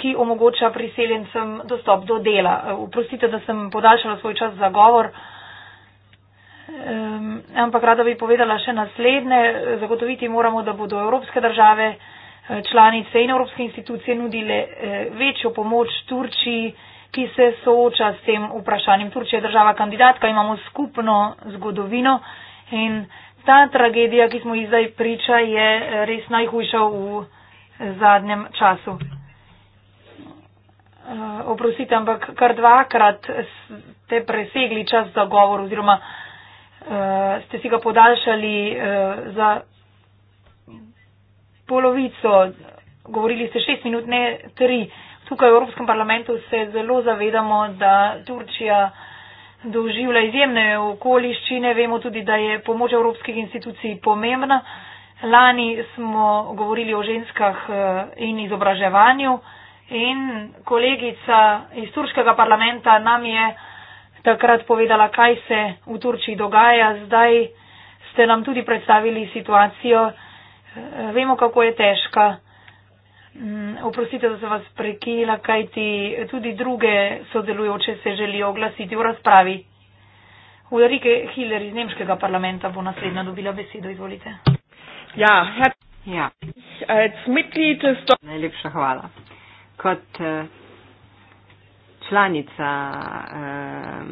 ki omogoča priseljencem dostop do dela. Uprostite, da sem podaljšala svoj čas za govor. Um, ampak rada bi povedala še naslednje. Zagotoviti moramo, da bodo evropske države, eh, članice in evropske institucije nudile eh, večjo pomoč Turčiji, ki se sooča s tem vprašanjem. Turčija je država kandidatka, imamo skupno zgodovino in ta tragedija, ki smo jih zdaj priča, je eh, res najhujša v zadnjem času. Uh, oprostite, ampak kar dvakrat ste presegli čas za govor oziroma uh, ste si ga podaljšali uh, za polovico, govorili ste šest minut, ne tri. Tukaj v Evropskem parlamentu se zelo zavedamo, da Turčija doživlja izjemne okoliščine. Vemo tudi, da je pomoč evropskih institucij pomembna. Lani smo govorili o ženskah eh, in izobraževanju in kolegica iz turškega parlamenta nam je takrat povedala, kaj se v Turčiji dogaja. Zdaj ste nam tudi predstavili situacijo. Eh, vemo, kako je težka. Mm, oprostite, da sem vas prekinila, kajti tudi druge sodelujoče se želijo oglasiti v razpravi. Ulrike Hiller iz Nemškega parlamenta bo naslednja dobila besedo. Izvolite. Ja, ja. Äh, Najlepša hvala. Kot eh, članica eh,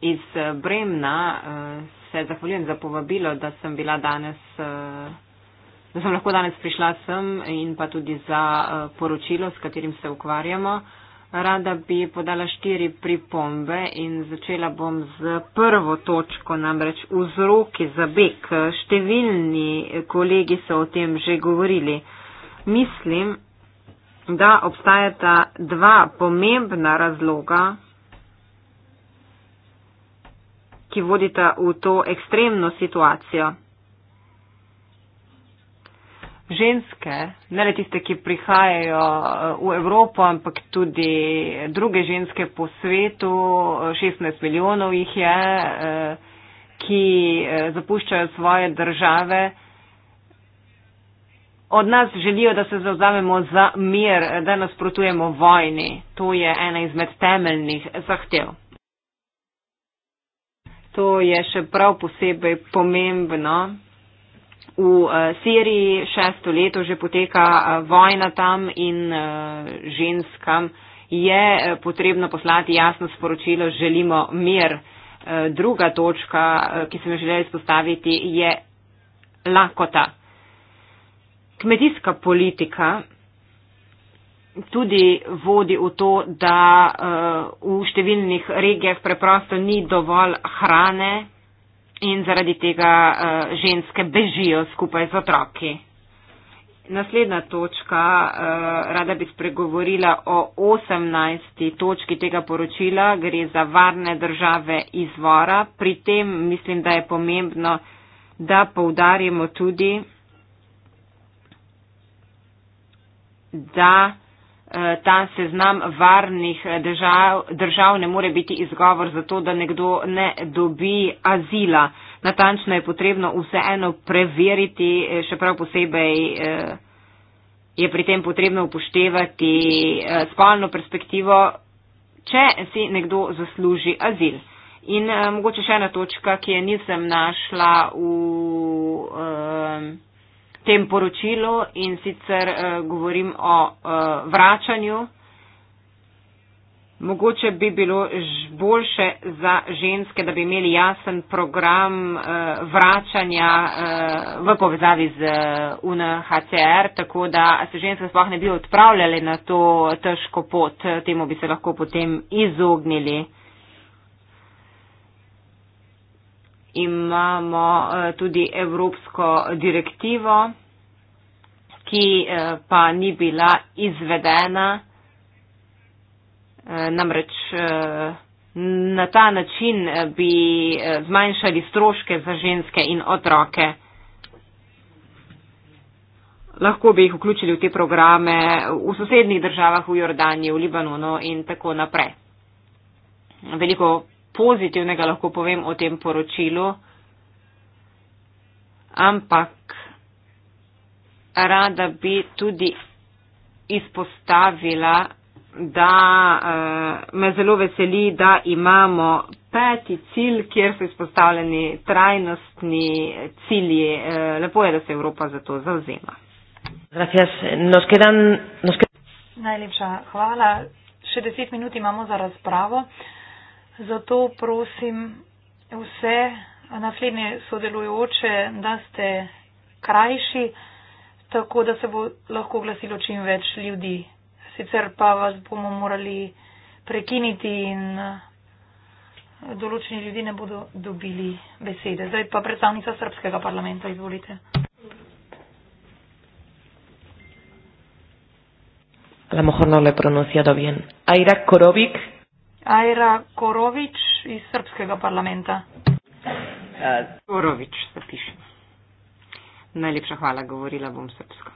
iz Bremna, eh, se zahvaljujem za povabilo, da sem bila danes. Eh, da sem lahko danes prišla sem in pa tudi za eh, poročilo, s katerim se ukvarjamo. Rada bi podala štiri pripombe in začela bom z prvo točko, namreč vzroki za beg. Številni kolegi so o tem že govorili. Mislim, da obstajata dva pomembna razloga, ki vodita v to ekstremno situacijo. Ženske, ne le tiste, ki prihajajo eh, v Evropo, ampak tudi druge ženske po svetu, 16 eh, milijonov jih je, eh, ki zapuščajo svoje države, od nas želijo, da se zauzamemo za mir, da nasprotujemo vojni. To je ena izmed temeljnih zahtev. To je še prav posebej pomembno. V eh, Siriji šesto leto že poteka eh, vojna tam in eh, ženskam je potrebno poslati jasno sporočilo, želimo mir. Druga točka, ki sem jo želela izpostaviti, je lakota kmetijska politika tudi vodi v to, da uh, v številnih regijah preprosto ni dovolj hrane in zaradi tega uh, ženske bežijo skupaj z otroki. Naslednja točka, uh, rada bi spregovorila o 18. točki tega poročila, gre za varne države izvora. Pri tem mislim, da je pomembno, da poudarjamo tudi, da eh, ta seznam varnih eh, držav, držav ne more biti izgovor za to, da nekdo ne dobi azila. Natančno je potrebno vseeno preveriti, eh, še prav posebej je pri tem potrebno upoštevati spolno perspektivo, če si nekdo zasluži azil. In mogoče še ena točka, ki je nisem našla v. Um, tem poročilu in sicer uh, govorim o uh, vračanju. Mogoče bi bilo boljše za ženske, da bi imeli jasen program uh, vračanja uh, v povezavi z UNHCR, tako da se ženske sploh ne bi odpravljali na to težko pot, temu bi se lahko potem izognili. imamo eh, tudi evropsko direktivo, ki eh, pa ni bila izvedena. Eh, namreč na ta način bi zmanjšali stroške za ženske in otroke. Lahko bi jih vključili v te programe v sosednjih državah, v Jordanji, v Libanonu in tako naprej. Veliko pozitivnega lahko povem o tem poročilu, ampak rada bi tudi izpostavila, da uh, me zelo veseli, da imamo peti cilj, kjer so izpostavljeni trajnostni cilji. Uh, lepo je, da se Evropa za to zauzema. Nos quedan, nos qued Najlepša hvala. Še deset minut imamo za razpravo. Uh, Zato prosim vse naslednje sodelujoče, da ste krajši, tako da se bo lahko glasilo čim več ljudi. Sicer pa vas bomo morali prekiniti in eh, določeni ljudi ne bodo dobili besede. Zdaj pa predstavnica srpskega parlamenta, izvolite. La mejor no le pronunciado bien. Aira Korovic, Ajra Korovič iz Srpskega parlamenta. Uh, Korovič se piše. Najlepša hvala, govorila bom srpsko.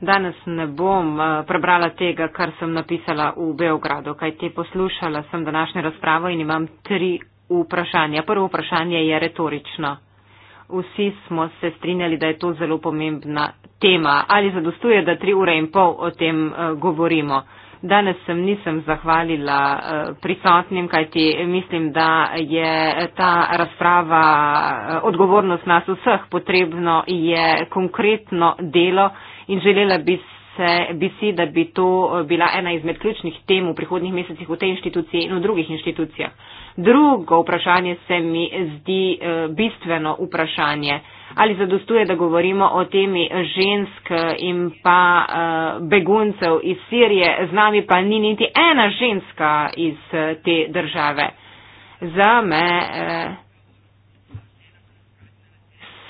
Danes ne bom eh, prebrala tega, kar sem napisala v Beogradu, kajti poslušala sem današnjo razpravo in imam tri vprašanja. Prvo vprašanje je retorično vsi smo se strinjali, da je to zelo pomembna tema. Ali zadostuje, da tri ure in pol o tem eh, govorimo? Danes sem nisem zahvalila eh, prisotnim, kajti mislim, da je ta razprava eh, odgovornost nas vseh. Potrebno je konkretno delo in želela bi, se, bi si, da bi to bila ena izmed ključnih tem v prihodnih mesecih v tej inštituciji in v drugih inštitucijah. Drugo vprašanje se mi zdi eh, bistveno vprašanje. Ali zadostuje, da govorimo o temi žensk eh, in pa eh, beguncev iz Sirije, z nami pa ni niti ena ženska iz te države. Za me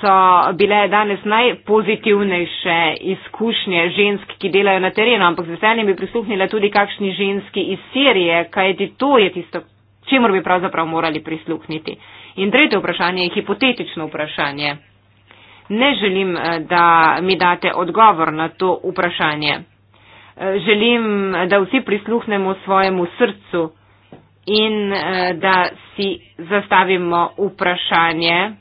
so bile danes najpozitivnejše izkušnje žensk, ki delajo na terenu, ampak z veseljem bi prisluhnila tudi kakšni ženski iz Sirije, kaj ti to je tisto, čemu bi pravzaprav morali prisluhniti. In tretje vprašanje je hipotetično vprašanje. Ne želim, eh, da mi date odgovor na to vprašanje. Eh, želim, da vsi prisluhnemo svojemu srcu in eh, da si zastavimo vprašanje.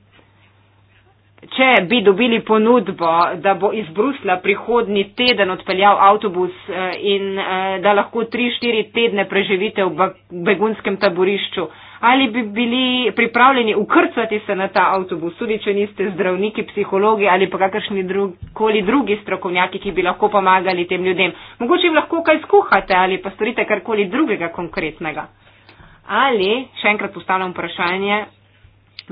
Če bi dobili ponudbo, da bo iz Brusla prihodni teden odpeljal avtobus eh, in eh, da lahko 3-4 tedne preživite v begunskem taborišču, ali bi bili pripravljeni ukrcati se na ta avtobus, tudi če niste zdravniki, psihologi ali pa kakršni koli drugi strokovnjaki, ki bi lahko pomagali tem ljudem? Mogoče jim lahko kaj skuhate ali pa storite karkoli drugega konkretnega. Ali, še enkrat postavljam vprašanje,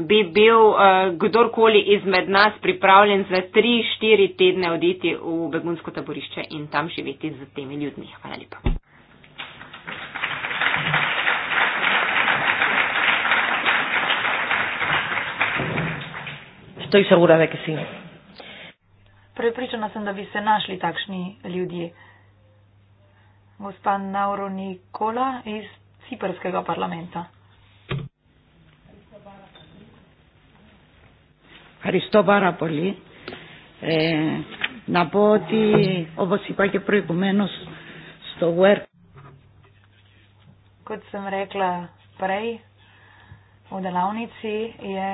bi bil uh, kdorkoli izmed nas pripravljen za 3-4 tedne oditi v begunsko taborišče in tam živeti z temi ljudmi. Hvala lepa. Estoy segura de que sí. Prepričana sem, da bi se našli takšni ljudje. Gospod Nauro Nikola iz ciperskega parlamenta. Ευχαριστώ πάρα πολύ. Ε, να πω ότι, όπως είπα και προηγουμένως, στο Word. Κότι σε μρέκλα πρέι, ο Δελαούνιτσι, για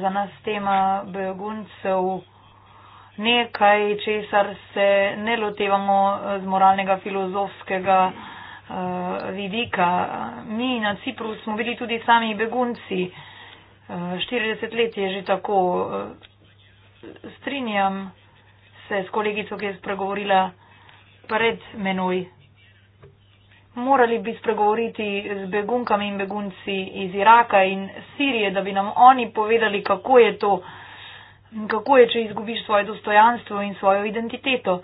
за нас тема бегунцев некај чесар се не лотевамо од моралнега филозофскега видика. Ми на Ципру смо били туди сами бегунци. Uh, 40 let je že tako. Strinjam se s kolegico, ki je spregovorila pred menoj. Morali bi spregovoriti z begunkami in begunci iz Iraka in Sirije, da bi nam oni povedali, kako je to, kako je, če izgubiš svoje dostojanstvo in svojo identiteto.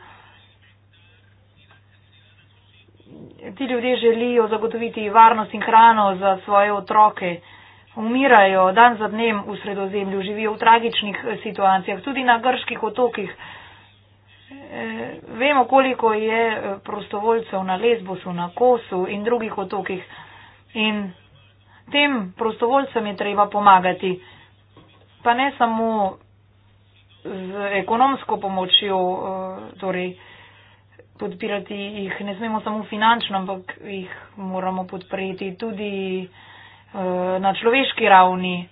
Ti ljudje želijo zagotoviti varnost in hrano za svoje otroke. Uh, umirajo dan za dnem v sredozemlju, živijo v tragičnih eh, situacijah, tudi na grških otokih. Eh, vemo, koliko je eh, prostovoljcev na Lesbosu, na Kosu in drugih otokih. In tem prostovoljcem je treba pomagati. Pa ne samo z ekonomsko pomočjo, torej podpirati jih ne smemo samo finančno, ampak jih moramo podpreti tudi. Eh, na človeški ravni.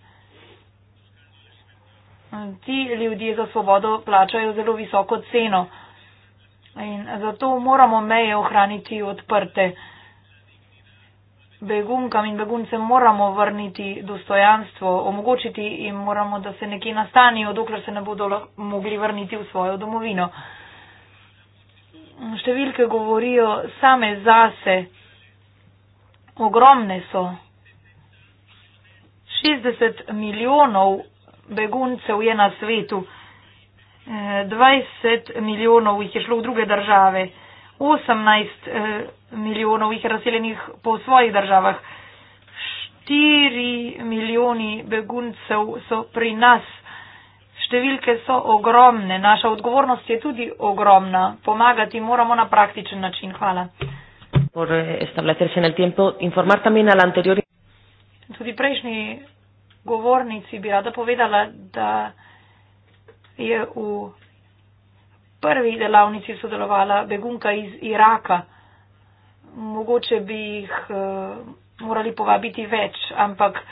Ti ljudje za svobodo plačajo zelo visoko ceno in zato moramo meje ohraniti odprte. Begunkam in beguncem moramo vrniti dostojanstvo, omogočiti jim moramo, da se nekje nastanijo, dokler se ne bodo mogli vrniti v svojo domovino. Številke govorijo same zase, ogromne so. 60 milijonov beguncev je na svetu, 20 eh, milijonov jih je šlo v druge države, 18 eh, milijonov jih je razseljenih po svojih državah, 4 milijoni beguncev so pri nas. Številke so ogromne, naša odgovornost je tudi ogromna. Pomagati moramo na praktičen način. Hvala. Por eh, establecerse en el tiempo, informar también al anterior. Tudi prejšnji govornici bi rada povedala, da je v prvi delavnici sodelovala begunka iz Iraka. Mogoče bi jih eh, morali povabiti več, ampak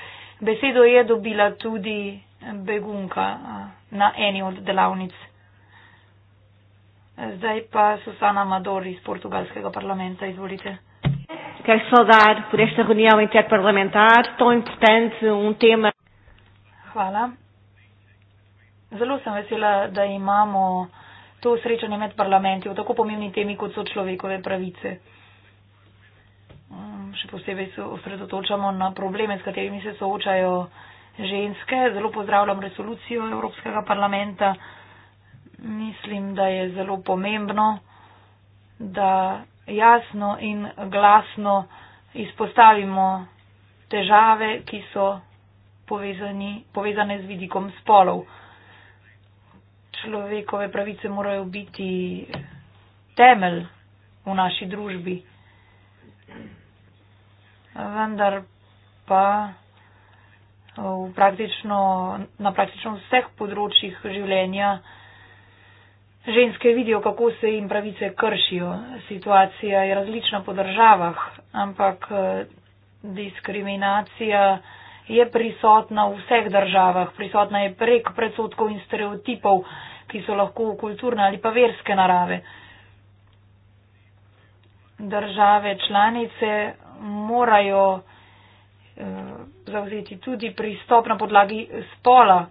besedo je dobila tudi begunka eh, na eni od delavnic. Zdaj pa Susana Madori iz portugalskega parlamenta, izvolite quero saudar por esta reunião interparlamentar tão importante, um tema. Hvala. Zelo sem vesela, da imamo to srečanje med parlamenti o tako pomembni temi, kot so človekove pravice. Mm, še posebej se osredotočamo na probleme, s katerimi se soočajo ženske. Zelo pozdravljam resolucijo Evropskega parlamenta. Mislim, da je zelo pomembno, da jasno in glasno izpostavimo težave, ki so povezani, povezane z vidikom spolov. Človekove pravice morajo biti temelj v naši družbi. Vendar pa praktično, na praktično vseh področjih življenja ženske vidijo, kako se jim pravice kršijo. Situacija je različna po državah, ampak eh, diskriminacija je prisotna v vseh državah. Prisotna je prek predsotkov in stereotipov, ki so lahko kulturne ali pa verske narave. Države članice morajo eh, zauzeti tudi pristop na podlagi spola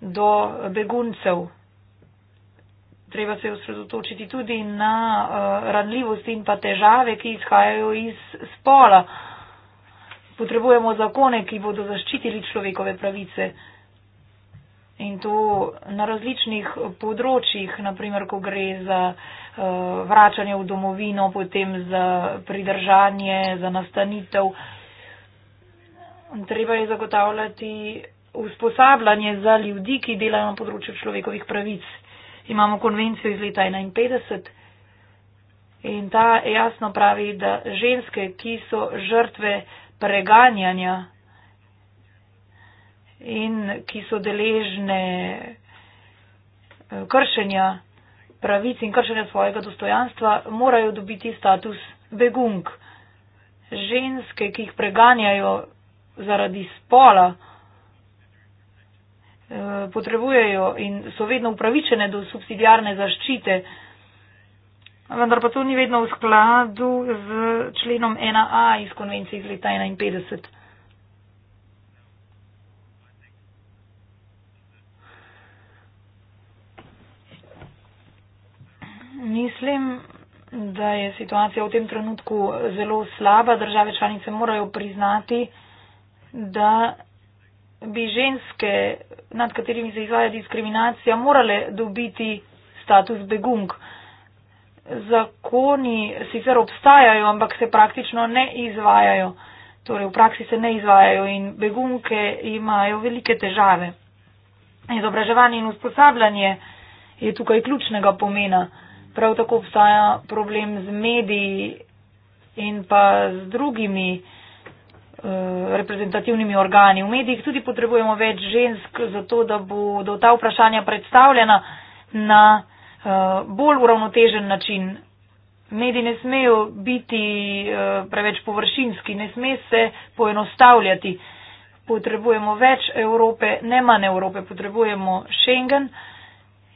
do beguncev, treba se osredotočiti tudi na eh, ranljivosti in pa težave, ki izhajajo iz spola. Potrebujemo zakone, ki bodo zaščitili človekove pravice. In to na različnih področjih, naprimer, ko gre za uh, vračanje v domovino, potem za pridržanje, za nastanitev. Treba je zagotavljati usposabljanje za ljudi, ki delajo na področju človekovih pravic imamo konvencijo iz leta 51 in ta jasno pravi, da ženske, ki so žrtve preganjanja in ki so deležne eh, kršenja pravic in kršenja svojega dostojanstva, morajo dobiti status begunk. Ženske, ki jih preganjajo zaradi spola, Eh, potrebujejo in so vedno upravičene do subsidijarne zaščite. Vendar pa to ni vedno v skladu z členom 1a iz konvencije iz leta 51. Mislim, da je situacija v tem trenutku zelo slaba. Države članice morajo priznati, da bi ženske, nad katerimi se izvaja diskriminacija, morale dobiti status begung. Zakoni sicer obstajajo, ampak se praktično ne izvajajo. Torej, v praksi se ne izvajajo in begunke imajo velike težave. Izobraževanje in usposabljanje je tukaj ključnega pomena. Prav tako obstaja problem z mediji in pa z drugimi. Eh, reprezentativnimi organi. V medijih tudi potrebujemo več žensk, zato da bodo ta vprašanja predstavljena na eh, bolj uravnotežen način. Mediji ne smejo biti eh, preveč površinski, ne sme se poenostavljati. Potrebujemo več Evrope, ne manj Evrope, potrebujemo Schengen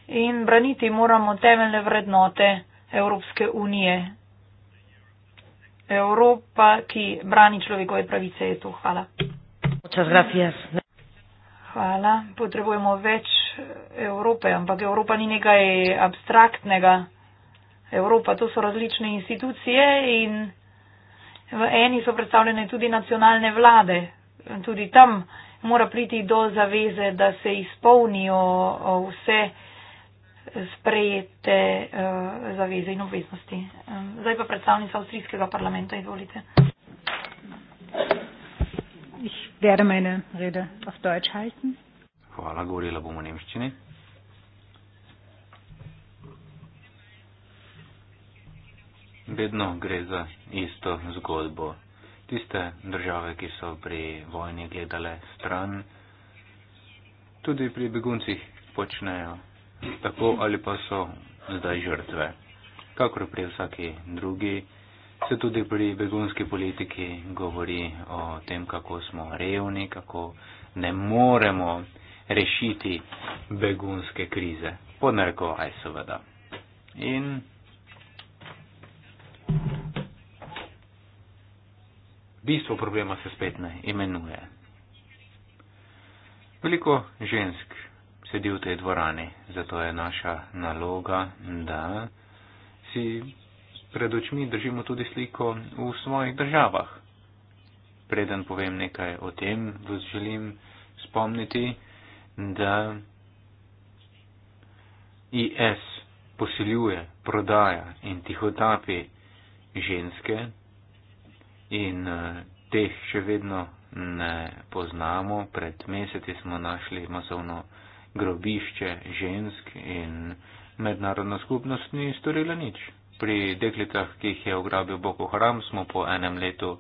in braniti moramo temeljne vrednote Evropske unije. Evropa, ki brani človekove pravice, je to. Hvala. Hvala. Potrebujemo več Evrope, ampak Evropa ni nekaj abstraktnega. Evropa, to so različne institucije in v eni so predstavljene tudi nacionalne vlade. Tudi tam mora priti do zaveze, da se izpolnijo eh, vse sprejete eh, zaveze in obveznosti. Eh, zdaj pa predstavnica avstrijskega parlamenta, izvolite. Ich werde meine Rede auf Deutsch halten. Hvala, govorila bom v nemščini. Vedno gre za isto zgodbo. Tiste države, ki so pri vojni gledale stran, tudi pri beguncih počnejo tako ali pa so zdaj žrtve. Kakor pri vsaki drugi, se tudi pri begunski politiki govori o tem, kako smo revni, kako ne moremo rešiti begunske krize. Podnarekovaj seveda. In bistvo problema se spet ne imenuje. Veliko žensk sedi v tej dvorani. Zato je naša naloga, da si pred očmi držimo tudi sliko v svojih državah. Preden povem nekaj o tem, vas želim spomniti, da IS posiljuje, prodaja in tihotapi ženske in eh, teh še vedno ne poznamo. Pred meseci smo našli masovno grobišče žensk in mednarodna skupnost ni storila nič. Pri deklicah, ki jih je ograbil Boko Haram, smo po enem letu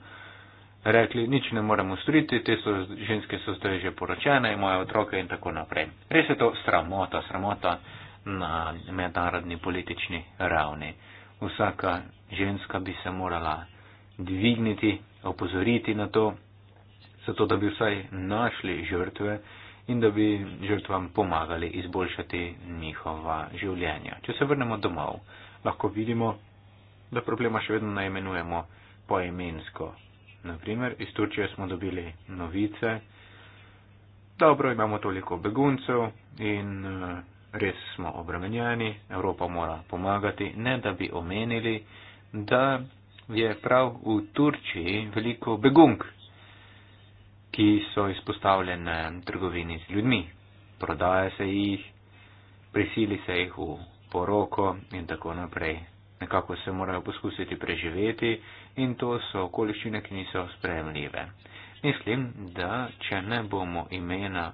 rekli, nič ne moremo storiti, te so, ženske so zdaj že poročene, imajo otroke in tako naprej. Res je to sramota, sramota na mednarodni politični ravni. Vsaka ženska bi se morala dvigniti, opozoriti na to, zato da bi vsaj našli žrtve in da bi žrtvam pomagali izboljšati njihova življenja. Če se vrnemo domov, lahko vidimo, da problema še vedno najmenujemo poimensko. Naprimer, iz Turčije smo dobili novice, dobro imamo toliko beguncev in eh, res smo obremenjeni, Evropa mora pomagati, ne da bi omenili, da je prav v Turčiji veliko begunk, ki so izpostavljene trgovini z ljudmi. Prodaja se jih, prisili se jih v poroko in tako naprej. Nekako se morajo poskusiti preživeti in to so okoliščine, ki niso spremljive. Mislim, da če ne bomo imena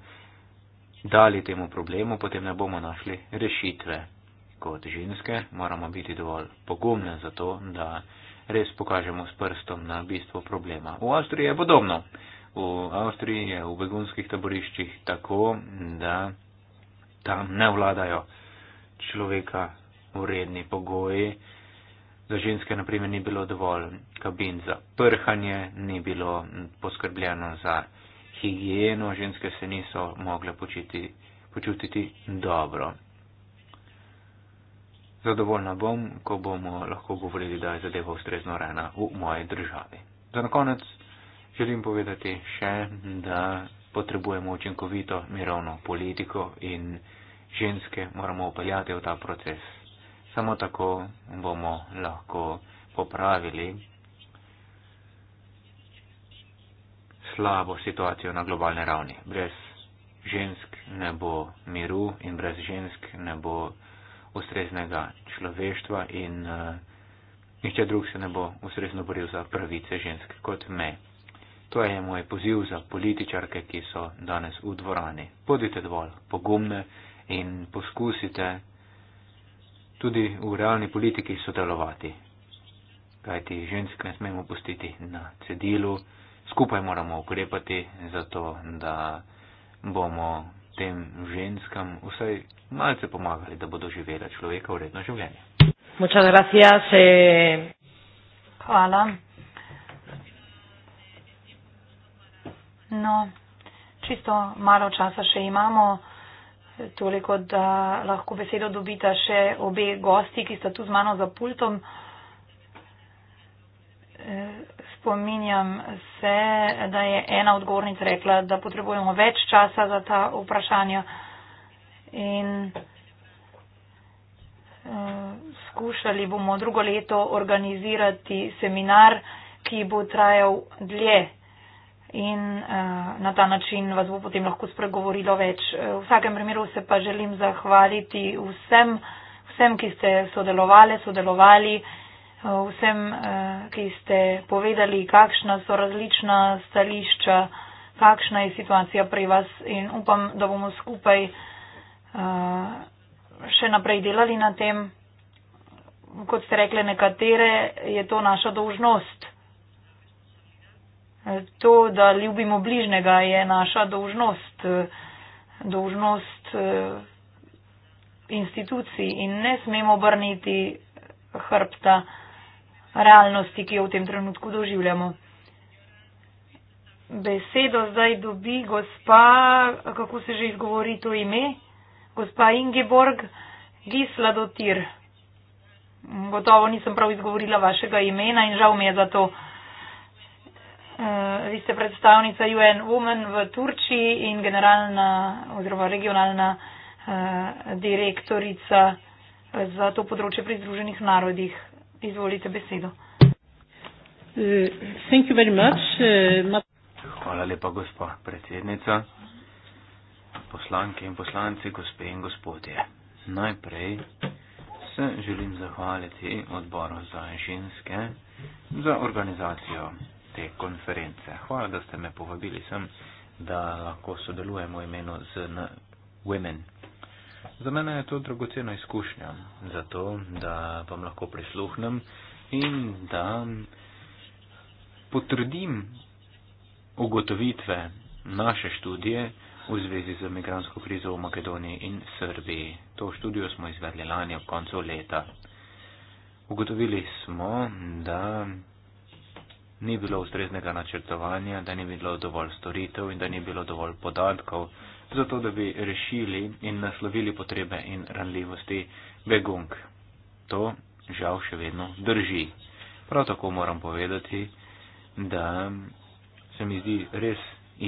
dali temu problemu, potem ne bomo našli rešitve. Kot ženske moramo biti dovolj pogumne za to, da res pokažemo s prstom na bistvo problema. V Avstriji je podobno u Austriji je u begunskih taboriščih tako, da tam ne vladajo človeka uredni pogoji. Za ženske, na primer, ni bilo dovolj kabin za prhanje, ni bilo poskrbljeno za higieno, ženske se niso mogle počiti, počutiti dobro. Zadovoljna bom, ko bomo lahko govorili, da je zadeva ustrezno rena v moje državi. Za konec Želim povedati še, da potrebujemo učinkovito mirovno politiko in ženske moramo upeljati v ta proces. Samo tako bomo lahko popravili slabo situacijo na globalni ravni. Brez žensk ne bo miru in brez žensk ne bo ustreznega človeštva in uh, nihče drug se ne bo ustrezno boril za pravice žensk kot me. To je moj poziv za političarke, ki so danes v dvorani. Podite dovolj pogumne in poskusite tudi v realni politiki sodelovati. Kajti žensk ne smemo pustiti na cedilu, skupaj moramo ukrepati za to, da bomo tem ženskam vsaj malce pomagali, da bodo živele človeka vredno življenje. Eh. Hvala. No, čisto malo časa še imamo, toliko, da lahko besedo dobita še obe gosti, ki sta tu z mano za pultom. Spominjam se, da je ena od gornic rekla, da potrebujemo več časa za ta vprašanja in eh, skušali bomo drugo leto organizirati seminar, ki bo trajal dlje in eh, na ta način vas bo potem lahko spregovorilo več. Eh, v vsakem primeru se pa želim zahvaliti vsem, vsem, ki ste sodelovali, sodelovali, eh, vsem, ki ste povedali, kakšna so različna stališča, kakšna je situacija pri vas in upam, da bomo skupaj še naprej delali na tem. Kot ste rekli, nekatere je to naša dožnost. To, da ljubimo bližnega, je naša dožnost, dožnost eh, institucij in ne smemo obrniti hrbta realnosti, ki jo v tem trenutku doživljamo. Besedo zdaj dobi gospa, kako se že izgovori to ime, gospa Ingeborg Gisladotir. Gotovo nisem prav izgovorila vašega imena in žal mi je za to. Uh, vi ste predstavnica UN Women v Turčiji in generalna oziroma regionalna uh, direktorica za to področje pri Združenih narodih. Izvolite besedo. Uh, Hvala lepa, gospa predsednica, poslanke in poslanci, gospe in gospodje. Najprej se želim zahvaliti odboru za ženske za organizacijo te konference. Hvala, da ste me povabili sem, da lahko sodelujemo imeno z N Women. Za mene je to dragocena izkušnja, zato da vam lahko prisluhnem in da potrdim ugotovitve naše študije v zvezi z migransko krizo v Makedoniji in Srbiji. To študijo smo izvedli lani ob koncu leta. Ugotovili smo, da ni bilo ustreznega načrtovanja, da ni bilo dovolj storitev in da ni bilo dovolj podatkov, zato da bi rešili in naslovili potrebe in ranljivosti begunk. To žal še vedno drži. Prav tako moram povedati, da se mi zdi res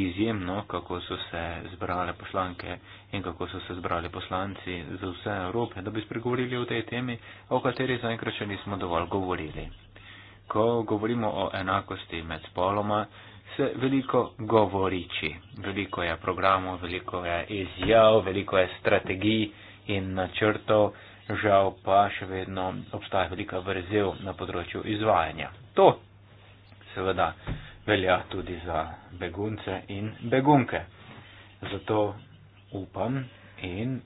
izjemno, kako so se zbrale poslanke in kako so se zbrali poslanci za vse Evrope, da bi spregovorili o tej temi, o kateri zaenkrat še nismo dovolj govorili ko govorimo o enakosti med spoloma, se veliko govoriči. Veliko je programov, veliko je izjav, veliko je strategij in načrtov, žal pa še vedno obstaja velika vrzel na področju izvajanja. To seveda velja tudi za begunce in begunke. Zato upam in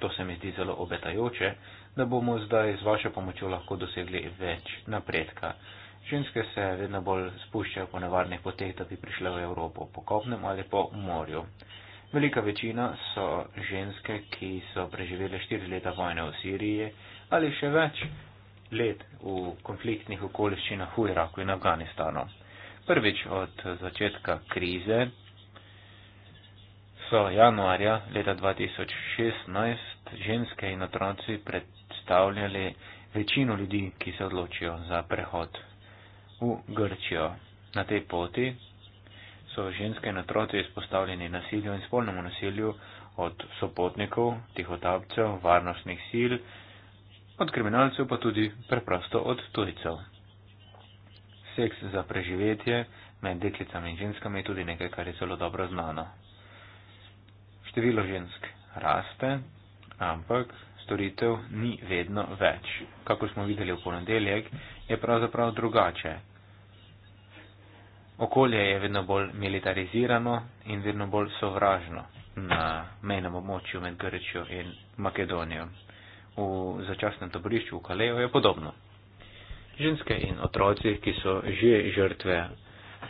to se mi zdi zelo obetajoče, da bomo zdaj z vašo pomočjo lahko dosegli več napredka. Ženske se vedno bolj spuščajo po nevarnih poteh, da bi prišle v Evropo po kopnem ali po morju. Velika večina so ženske, ki so preživele štiri leta vojne v Siriji ali še več let v konfliktnih okoliščinah v Iraku in Afganistanu. Prvič od začetka krize so januarja leta 2016 ženske in otroci pred predstavljali večino ljudi, ki se odločijo za prehod v Grčijo. Na tej poti so ženske in otroci izpostavljeni nasilju in spolnemu nasilju od sopotnikov, tihotapcev, varnostnih sil, od kriminalcev pa tudi preprosto od tujcev. Seks za preživetje med deklicami in ženskami je tudi nekaj, kar je zelo dobro znano. Število žensk raste, ampak storitev ni vedno več. Kako smo videli v ponedeljek, je pravzaprav drugače. Okolje je vedno bolj militarizirano in vedno bolj sovražno na mejnem območju med Grčijo in Makedonijo. V začasnem taborišču v Kalejo je podobno. Ženske in otroci, ki so že žrtve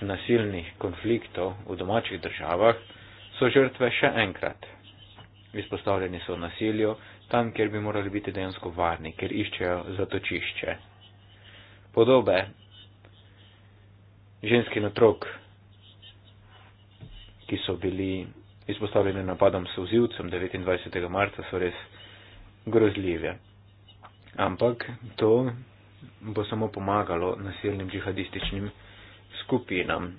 nasilnih konfliktov v domačih državah, so žrtve še enkrat. Izpostavljeni so nasilju tam, kjer bi morali biti dejansko varni, ker iščejo zatočišče. Podobe ženski na trok, ki so bili izpostavljeni napadom s vzivcem 29. marca, so res grozljive. Ampak to bo samo pomagalo nasilnim džihadističnim skupinam.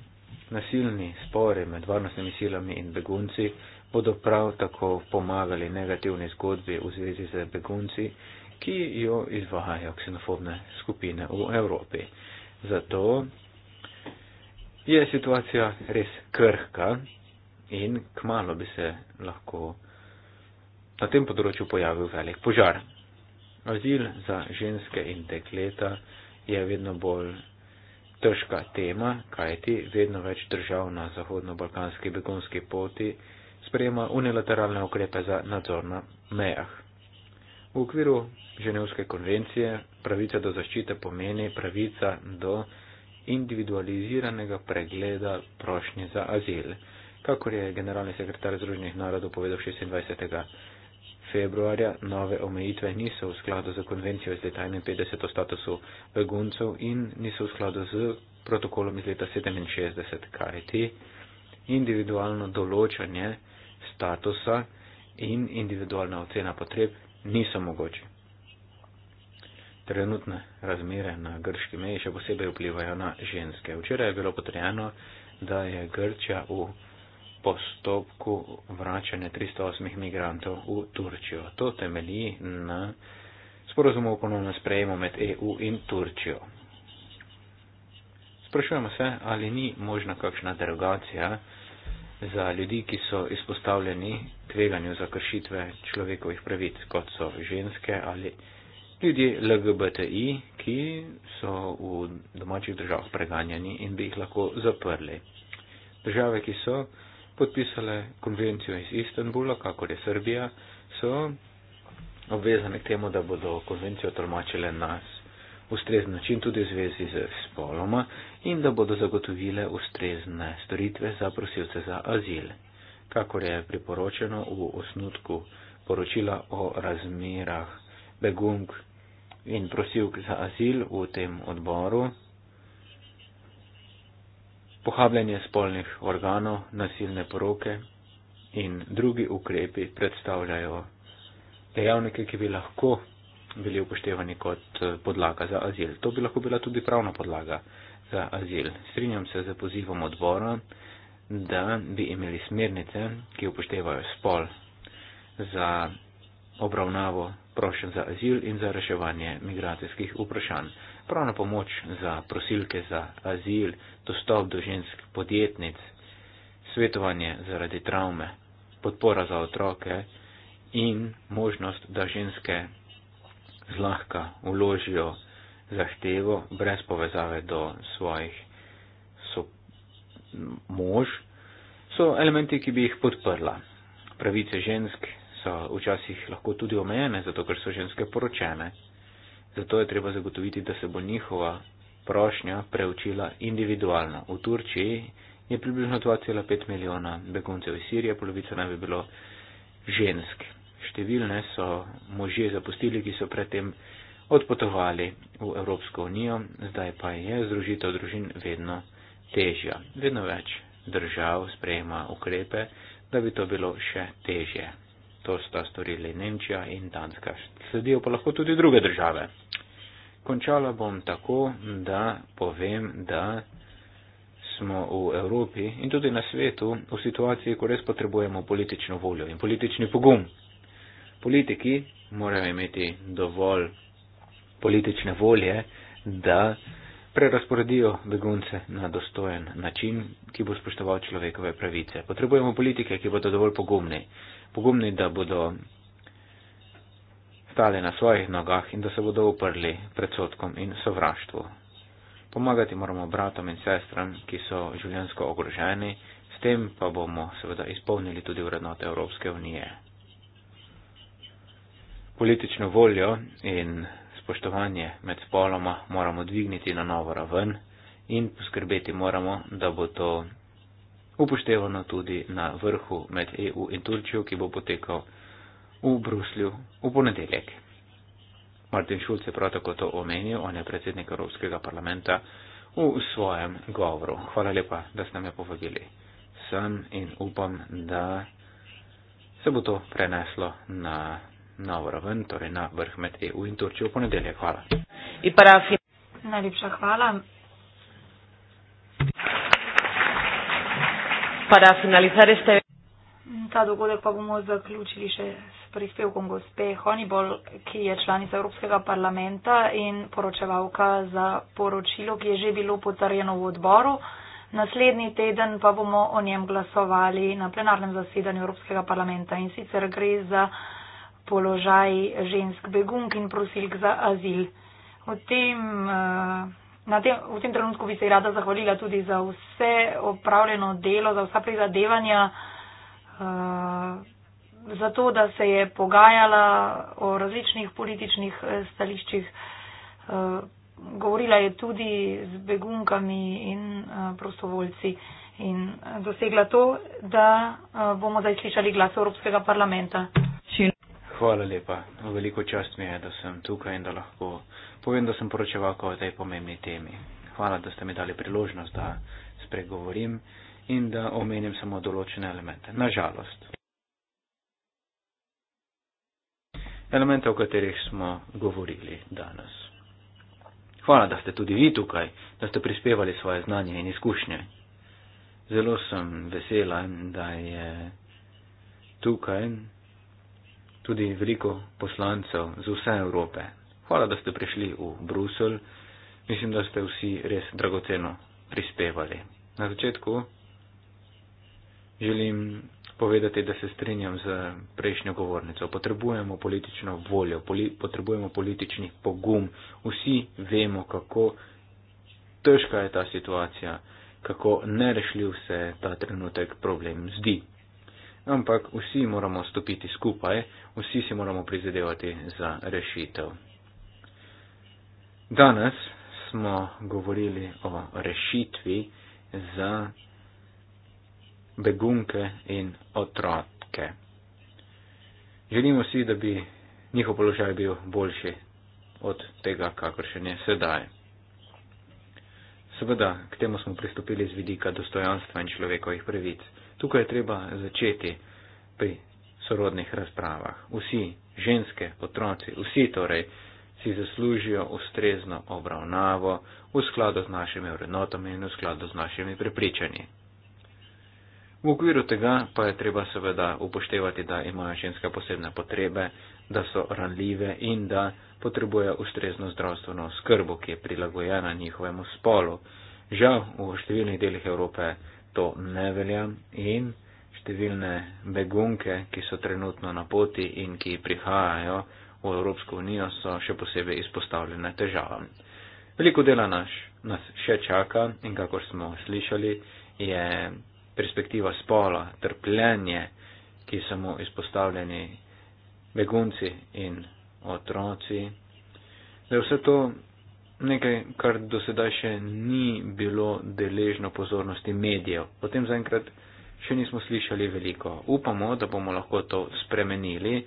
Nasilni spore med varnostnimi silami in begunci bodo prav tako pomagali negativni zgodbi v zvezi z begunci, ki jo izvajajo ksenofobne skupine v Evropi. Zato je situacija res krhka in kmalo bi se lahko na tem področju pojavil velik požar. Azil za ženske in dekleta je vedno bolj težka tema, kajti vedno več držav na zahodno-balkanski begunski poti sprejema unilateralne ukrepe za nadzor na mejah. V okviru Ženevske konvencije pravica do zaščite pomeni pravica do individualiziranega pregleda prošnje za azil, kakor je generalni sekretar Združenih narodov povedal 26. februarja, nove omejitve niso v skladu z konvencijo iz leta 51 o statusu beguncev in niso v skladu z protokolom iz leta 67, kajti individualno določanje statusa in individualna ocena potreb niso mogoče. Trenutne razmere na grški meji še posebej vplivajo na ženske. Včeraj je bilo potrjeno, da je Grčija v postopku vračanja 308 migrantov v Turčijo. To temelji na sporozumu o ponovnem sprejemu med EU in Turčijo. Sprašujemo se, ali ni možna kakšna derogacija za ljudi, ki so izpostavljeni tveganju za kršitve človekovih pravic, kot so ženske ali ljudje LGBTI, ki so v domačih državah preganjeni in bi jih lahko zaprli. Države, ki so podpisale konvencijo iz Istanbula, kakor je Srbija, so obvezane k temu, da bodo konvencijo tolmačile nas ustrezen način tudi v zvezi z spoloma in da bodo zagotovile ustrezne storitve za prosilce za azil, kakor je priporočeno v osnutku poročila o razmerah begunk in prosilk za azil v tem odboru. Pohabljanje spolnih organov, nasilne poroke in drugi ukrepi predstavljajo dejavnike, ki bi lahko bili upoštevani kot podlaga za azil. To bi lahko bila tudi pravna podlaga za azil. Strinjam se z pozivom odbora, da bi imeli smernice, ki upoštevajo spol za obravnavo prošen za azil in za reševanje migracijskih vprašanj. Pravna pomoč za prosilke za azil, dostop do žensk podjetnic, svetovanje zaradi travme, podpora za otroke in možnost, da ženske zlahka uložijo zahtevo brez povezave do svojih so mož, so elementi, ki bi jih podprla. Pravice žensk so včasih lahko tudi omejene, zato ker so ženske poročene. Zato je treba zagotoviti, da se bo njihova prošnja preučila individualno. V Turčiji je približno 2,5 milijona beguncev iz Sirije, polovica naj bi bilo žensk. Številne so možje zapustili, ki so predtem odpotovali v Evropsko unijo, zdaj pa je združitev družin vedno težja. Vedno več držav sprejema ukrepe, da bi to bilo še težje. To sta storili Nemčija in Danska. Sledijo pa lahko tudi druge države. Končala bom tako, da povem, da smo v Evropi in tudi na svetu v situaciji, ko res potrebujemo politično voljo in politični pogum. Politiki morajo imeti dovolj politične volje, da prerasporedijo begunce na dostojen način, ki bo spoštoval človekove pravice. Potrebujemo politike, ki bodo dovolj pogumni. Pogumni, da bodo stali na svojih nogah in da se bodo uprli predsotkom in sovraštvu. Pomagati moramo bratom in sestram, ki so življensko ogroženi, s tem pa bomo seveda izpolnili tudi vrednote Evropske unije. Politično voljo in spoštovanje med spoloma moramo dvigniti na novo raven in poskrbeti moramo, da bo to upoštevano tudi na vrhu med EU in Turčijo, ki bo potekal v Bruslju v ponedeljek. Martin Šulc je prav tako to omenil, on je predsednik Evropskega parlamenta v svojem govoru. Hvala lepa, da ste me povabili sem in upam, da se bo to preneslo na na vrhun, torej na vrh med EU in Turčijo v ponedeljek. Hvala. Najlepša hvala. Para finalizar este... Ta dogodek pa bomo zaključili še s prispevkom gospe Honibol, ki je članica Evropskega parlamenta in poročevalka za poročilo, ki je že bilo potrjeno v odboru. Naslednji teden pa bomo o njem glasovali na plenarnem zasedanju Evropskega parlamenta in sicer gre za položaj žensk begunk in prosilk za azil. V tem, eh, tem, v tem trenutku bi se rada zahvalila tudi za vse opravljeno delo, za vsa prizadevanja, eh, za to, da se je pogajala o različnih političnih eh, stališčih. Govorila je tudi z begunkami in prostovoljci in dosegla to, da bomo zdaj slišali glas Evropskega parlamenta. Hvala lepa. Veliko čast mi je, da sem tukaj in da lahko povem, da sem poročeval o tej pomembni temi. Hvala, da ste mi dali priložnost, da spregovorim in da omenim samo določene elemente. Nažalost. Elemente, o katerih smo govorili danes. Hvala, da ste tudi vi tukaj, da ste prispevali svoje znanje in izkušnje. Zelo sem vesela, da je tukaj tudi veliko poslancev z vse Evrope. Hvala, da ste prišli v Bruselj. Mislim, da ste vsi res dragoceno prispevali. Na začetku želim povedati, da se strinjam z prejšnjo govornico. Potrebujemo politično voljo, poli potrebujemo politični pogum. Vsi vemo, kako težka je ta situacija, kako nerešljiv se ta trenutek problem zdi ampak vsi moramo stopiti skupaj, vsi si moramo prizadevati za rešitev. Danes smo govorili o rešitvi za begunke in otroke. Želimo si, da bi njihov položaj bil boljši od tega, kakor še ne sedaj. Seveda, k temu smo pristopili z vidika dostojanstva in človekovih pravic. Tukaj je treba začeti pri sorodnih razpravah. Vsi ženske, otroci, vsi torej si zaslužijo ustrezno obravnavo v skladu z našimi vrednotami in v skladu z našimi prepričanji. V okviru tega pa je treba seveda upoštevati, da imajo ženske posebne potrebe, da so ranljive in da potrebujejo ustrezno zdravstveno skrbo, ki je prilagojena njihovemu spolu. Žal, v številnih delih Evrope to ne velja in številne begunke, ki so trenutno na poti in ki prihajajo v Evropsko unijo, so še posebej izpostavljene težavam. Veliko dela naš, nas še čaka in kakor smo slišali, je perspektiva spola, trpljenje, ki so mu izpostavljeni begunci in otroci. Da vse to nekaj, kar do sedaj še ni bilo deležno pozornosti medijev. O tem zaenkrat še nismo slišali veliko. Upamo, da bomo lahko to spremenili.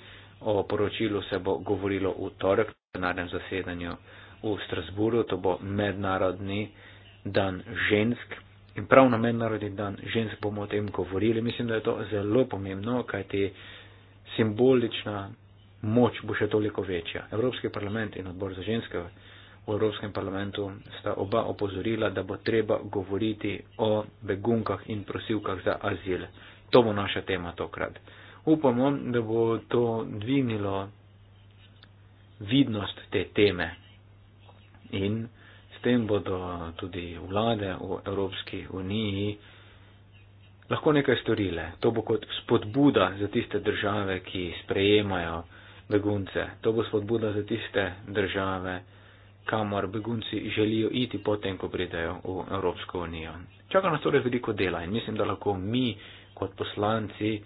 O poročilu se bo govorilo v torek na plenarnem zasedanju v Strasburu. To bo mednarodni dan žensk. In prav na mednarodni dan žensk bomo o tem govorili. Mislim, da je to zelo pomembno, kajti simbolična moč bo še toliko večja. Evropski parlament in odbor za ženske v Evropskem parlamentu sta oba opozorila, da bo treba govoriti o begunkah in prosilkah za azil. To bo naša tema tokrat. Upamo, da bo to dvignilo vidnost te teme in s tem bodo tudi vlade v Evropski uniji lahko nekaj storile. To bo kot spodbuda za tiste države, ki sprejemajo begunce. To bo spodbuda za tiste države, ki kamor begunci želijo iti potem, ko pridejo v Evropsko unijo. Čaka nas torej veliko dela in mislim, da lahko mi kot poslanci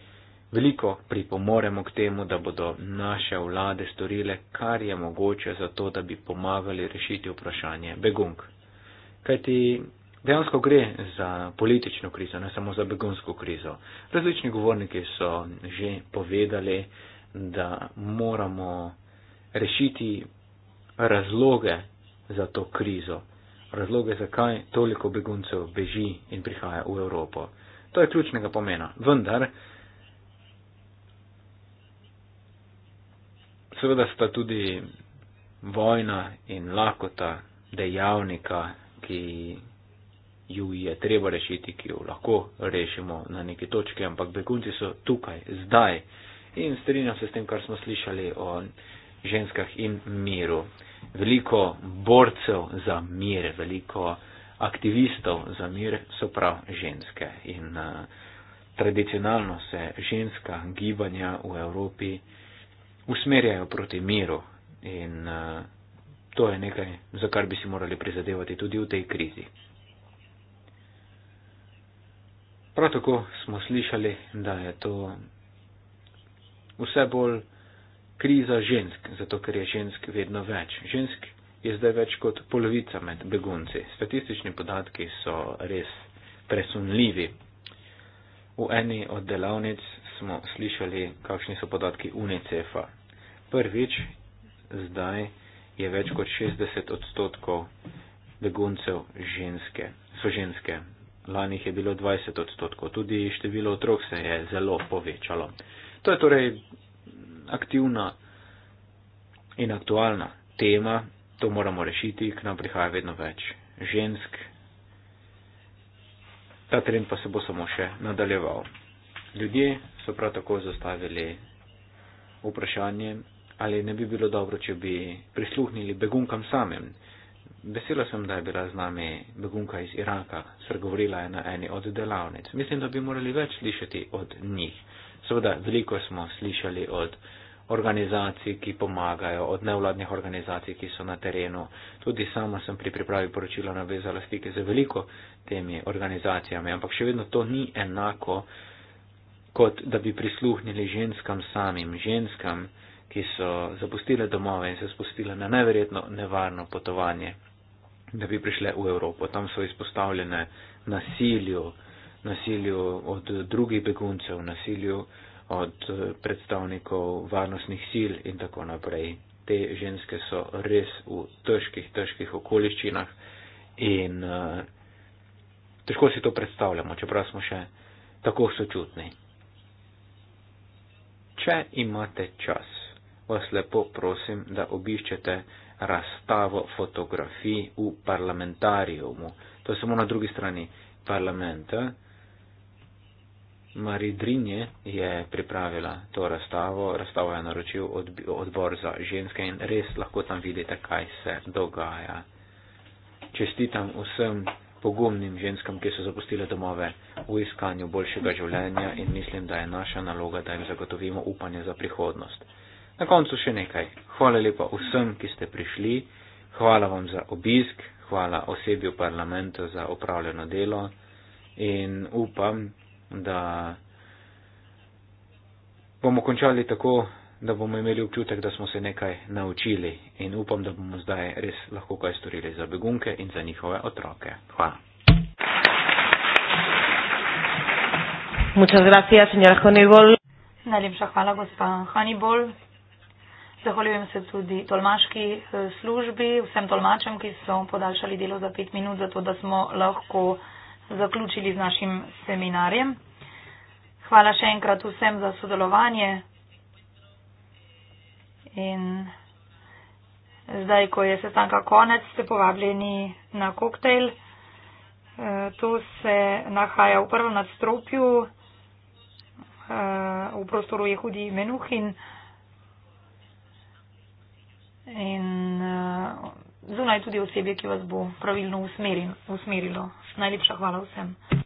veliko pripomoremo k temu, da bodo naše vlade storile, kar je mogoče za to, da bi pomagali rešiti vprašanje begunk. Kajti dejansko gre za politično krizo, ne samo za begunsko krizo. Različni govorniki so že povedali, da moramo rešiti razloge za to krizo. Razloge, zakaj toliko beguncev beži in prihaja v Evropo. To je ključnega pomena. Vendar, seveda sta tudi vojna in lakota dejavnika, ki ju je treba rešiti, ki jo lahko rešimo na neki točki, ampak begunci so tukaj, zdaj. In strinjam se s tem, kar smo slišali o ženskah in miru veliko borcev za mir, veliko aktivistov za mir so prav ženske. In uh, tradicionalno se ženska gibanja v Evropi usmerjajo proti miru. In uh, to je nekaj, za kar bi si morali prizadevati tudi v tej krizi. Prav tako smo slišali, da je to vse bolj kriza žensk, zato ker je žensk vedno več. Žensk je zdaj več kot polovica med begunci. Statistični podatki so res presunljivi. V eni od delavnic smo slišali, kakšni so podatki UNICEF-a. Prvič, zdaj je več kot 60 odstotkov beguncev ženske, so ženske. Lani je bilo 20 odstotkov, tudi število otrok se je zelo povečalo. To je torej aktivna in aktualna tema, to moramo rešiti, k nam prihaja vedno več žensk. Ta trend pa se bo samo še nadaljeval. Ljudje so prav tako zastavili vprašanje, ali ne bi bilo dobro, če bi prisluhnili begunkam samim. Vesela sem, da je bila z nami begunka iz Iraka, spregovorila je na eni od delavnic. Mislim, da bi morali več slišati od njih. Seveda, veliko smo slišali od organizacij, ki pomagajo, od nevladnih organizacij, ki so na terenu. Tudi sama sem pri pripravi poročila navezala stike z veliko temi organizacijami, ampak še vedno to ni enako, kot da bi prisluhnili ženskam samim, ženskam, ki so zapustile domove in se spustile na neverjetno nevarno potovanje, da bi prišle v Evropo. Tam so izpostavljene nasilju, nasilju od drugih beguncev, nasilju od eh, predstavnikov varnostnih sil in tako naprej. Te ženske so res v težkih, težkih okoliščinah in uh, težko si to predstavljamo, čeprav smo še tako sočutni. Če imate čas, vas lepo prosim, da obiščete razstavo fotografij v parlamentarijumu. To je samo na drugi strani parlamenta. Eh? Maridrinje je pripravila to razstavo. Razstavo je naročil odbor za ženske in res lahko tam vidite, kaj se dogaja. Čestitam vsem pogumnim ženskam, ki so zapustile domove v iskanju boljšega življenja in mislim, da je naša naloga, da jim zagotovimo upanje za prihodnost. Na koncu še nekaj. Hvala lepa vsem, ki ste prišli. Hvala vam za obisk. Hvala osebi v parlamentu za opravljeno delo. In upam, da bomo končali tako, da bomo imeli občutek, da smo se nekaj naučili in upam, da bomo zdaj res lahko kaj storili za begunke in za njihove otroke. Hvala. Gracias, Najlepša hvala, gospa Hannibal. Zahvaljujem se tudi tolmaški eh, službi, vsem tolmačem, ki so podaljšali delo za pet minut, zato da smo lahko zaključili z našim seminarjem. Hvala še enkrat vsem za sodelovanje. In zdaj, ko je sestanka konec, ste povabljeni na koktejl. E, to se nahaja v prvem nadstropju e, v prostoru Jehudi Menuhin. In e, zunaj tudi osebje, ki vas bo pravilno usmerilo. Najlepša hvala vsem.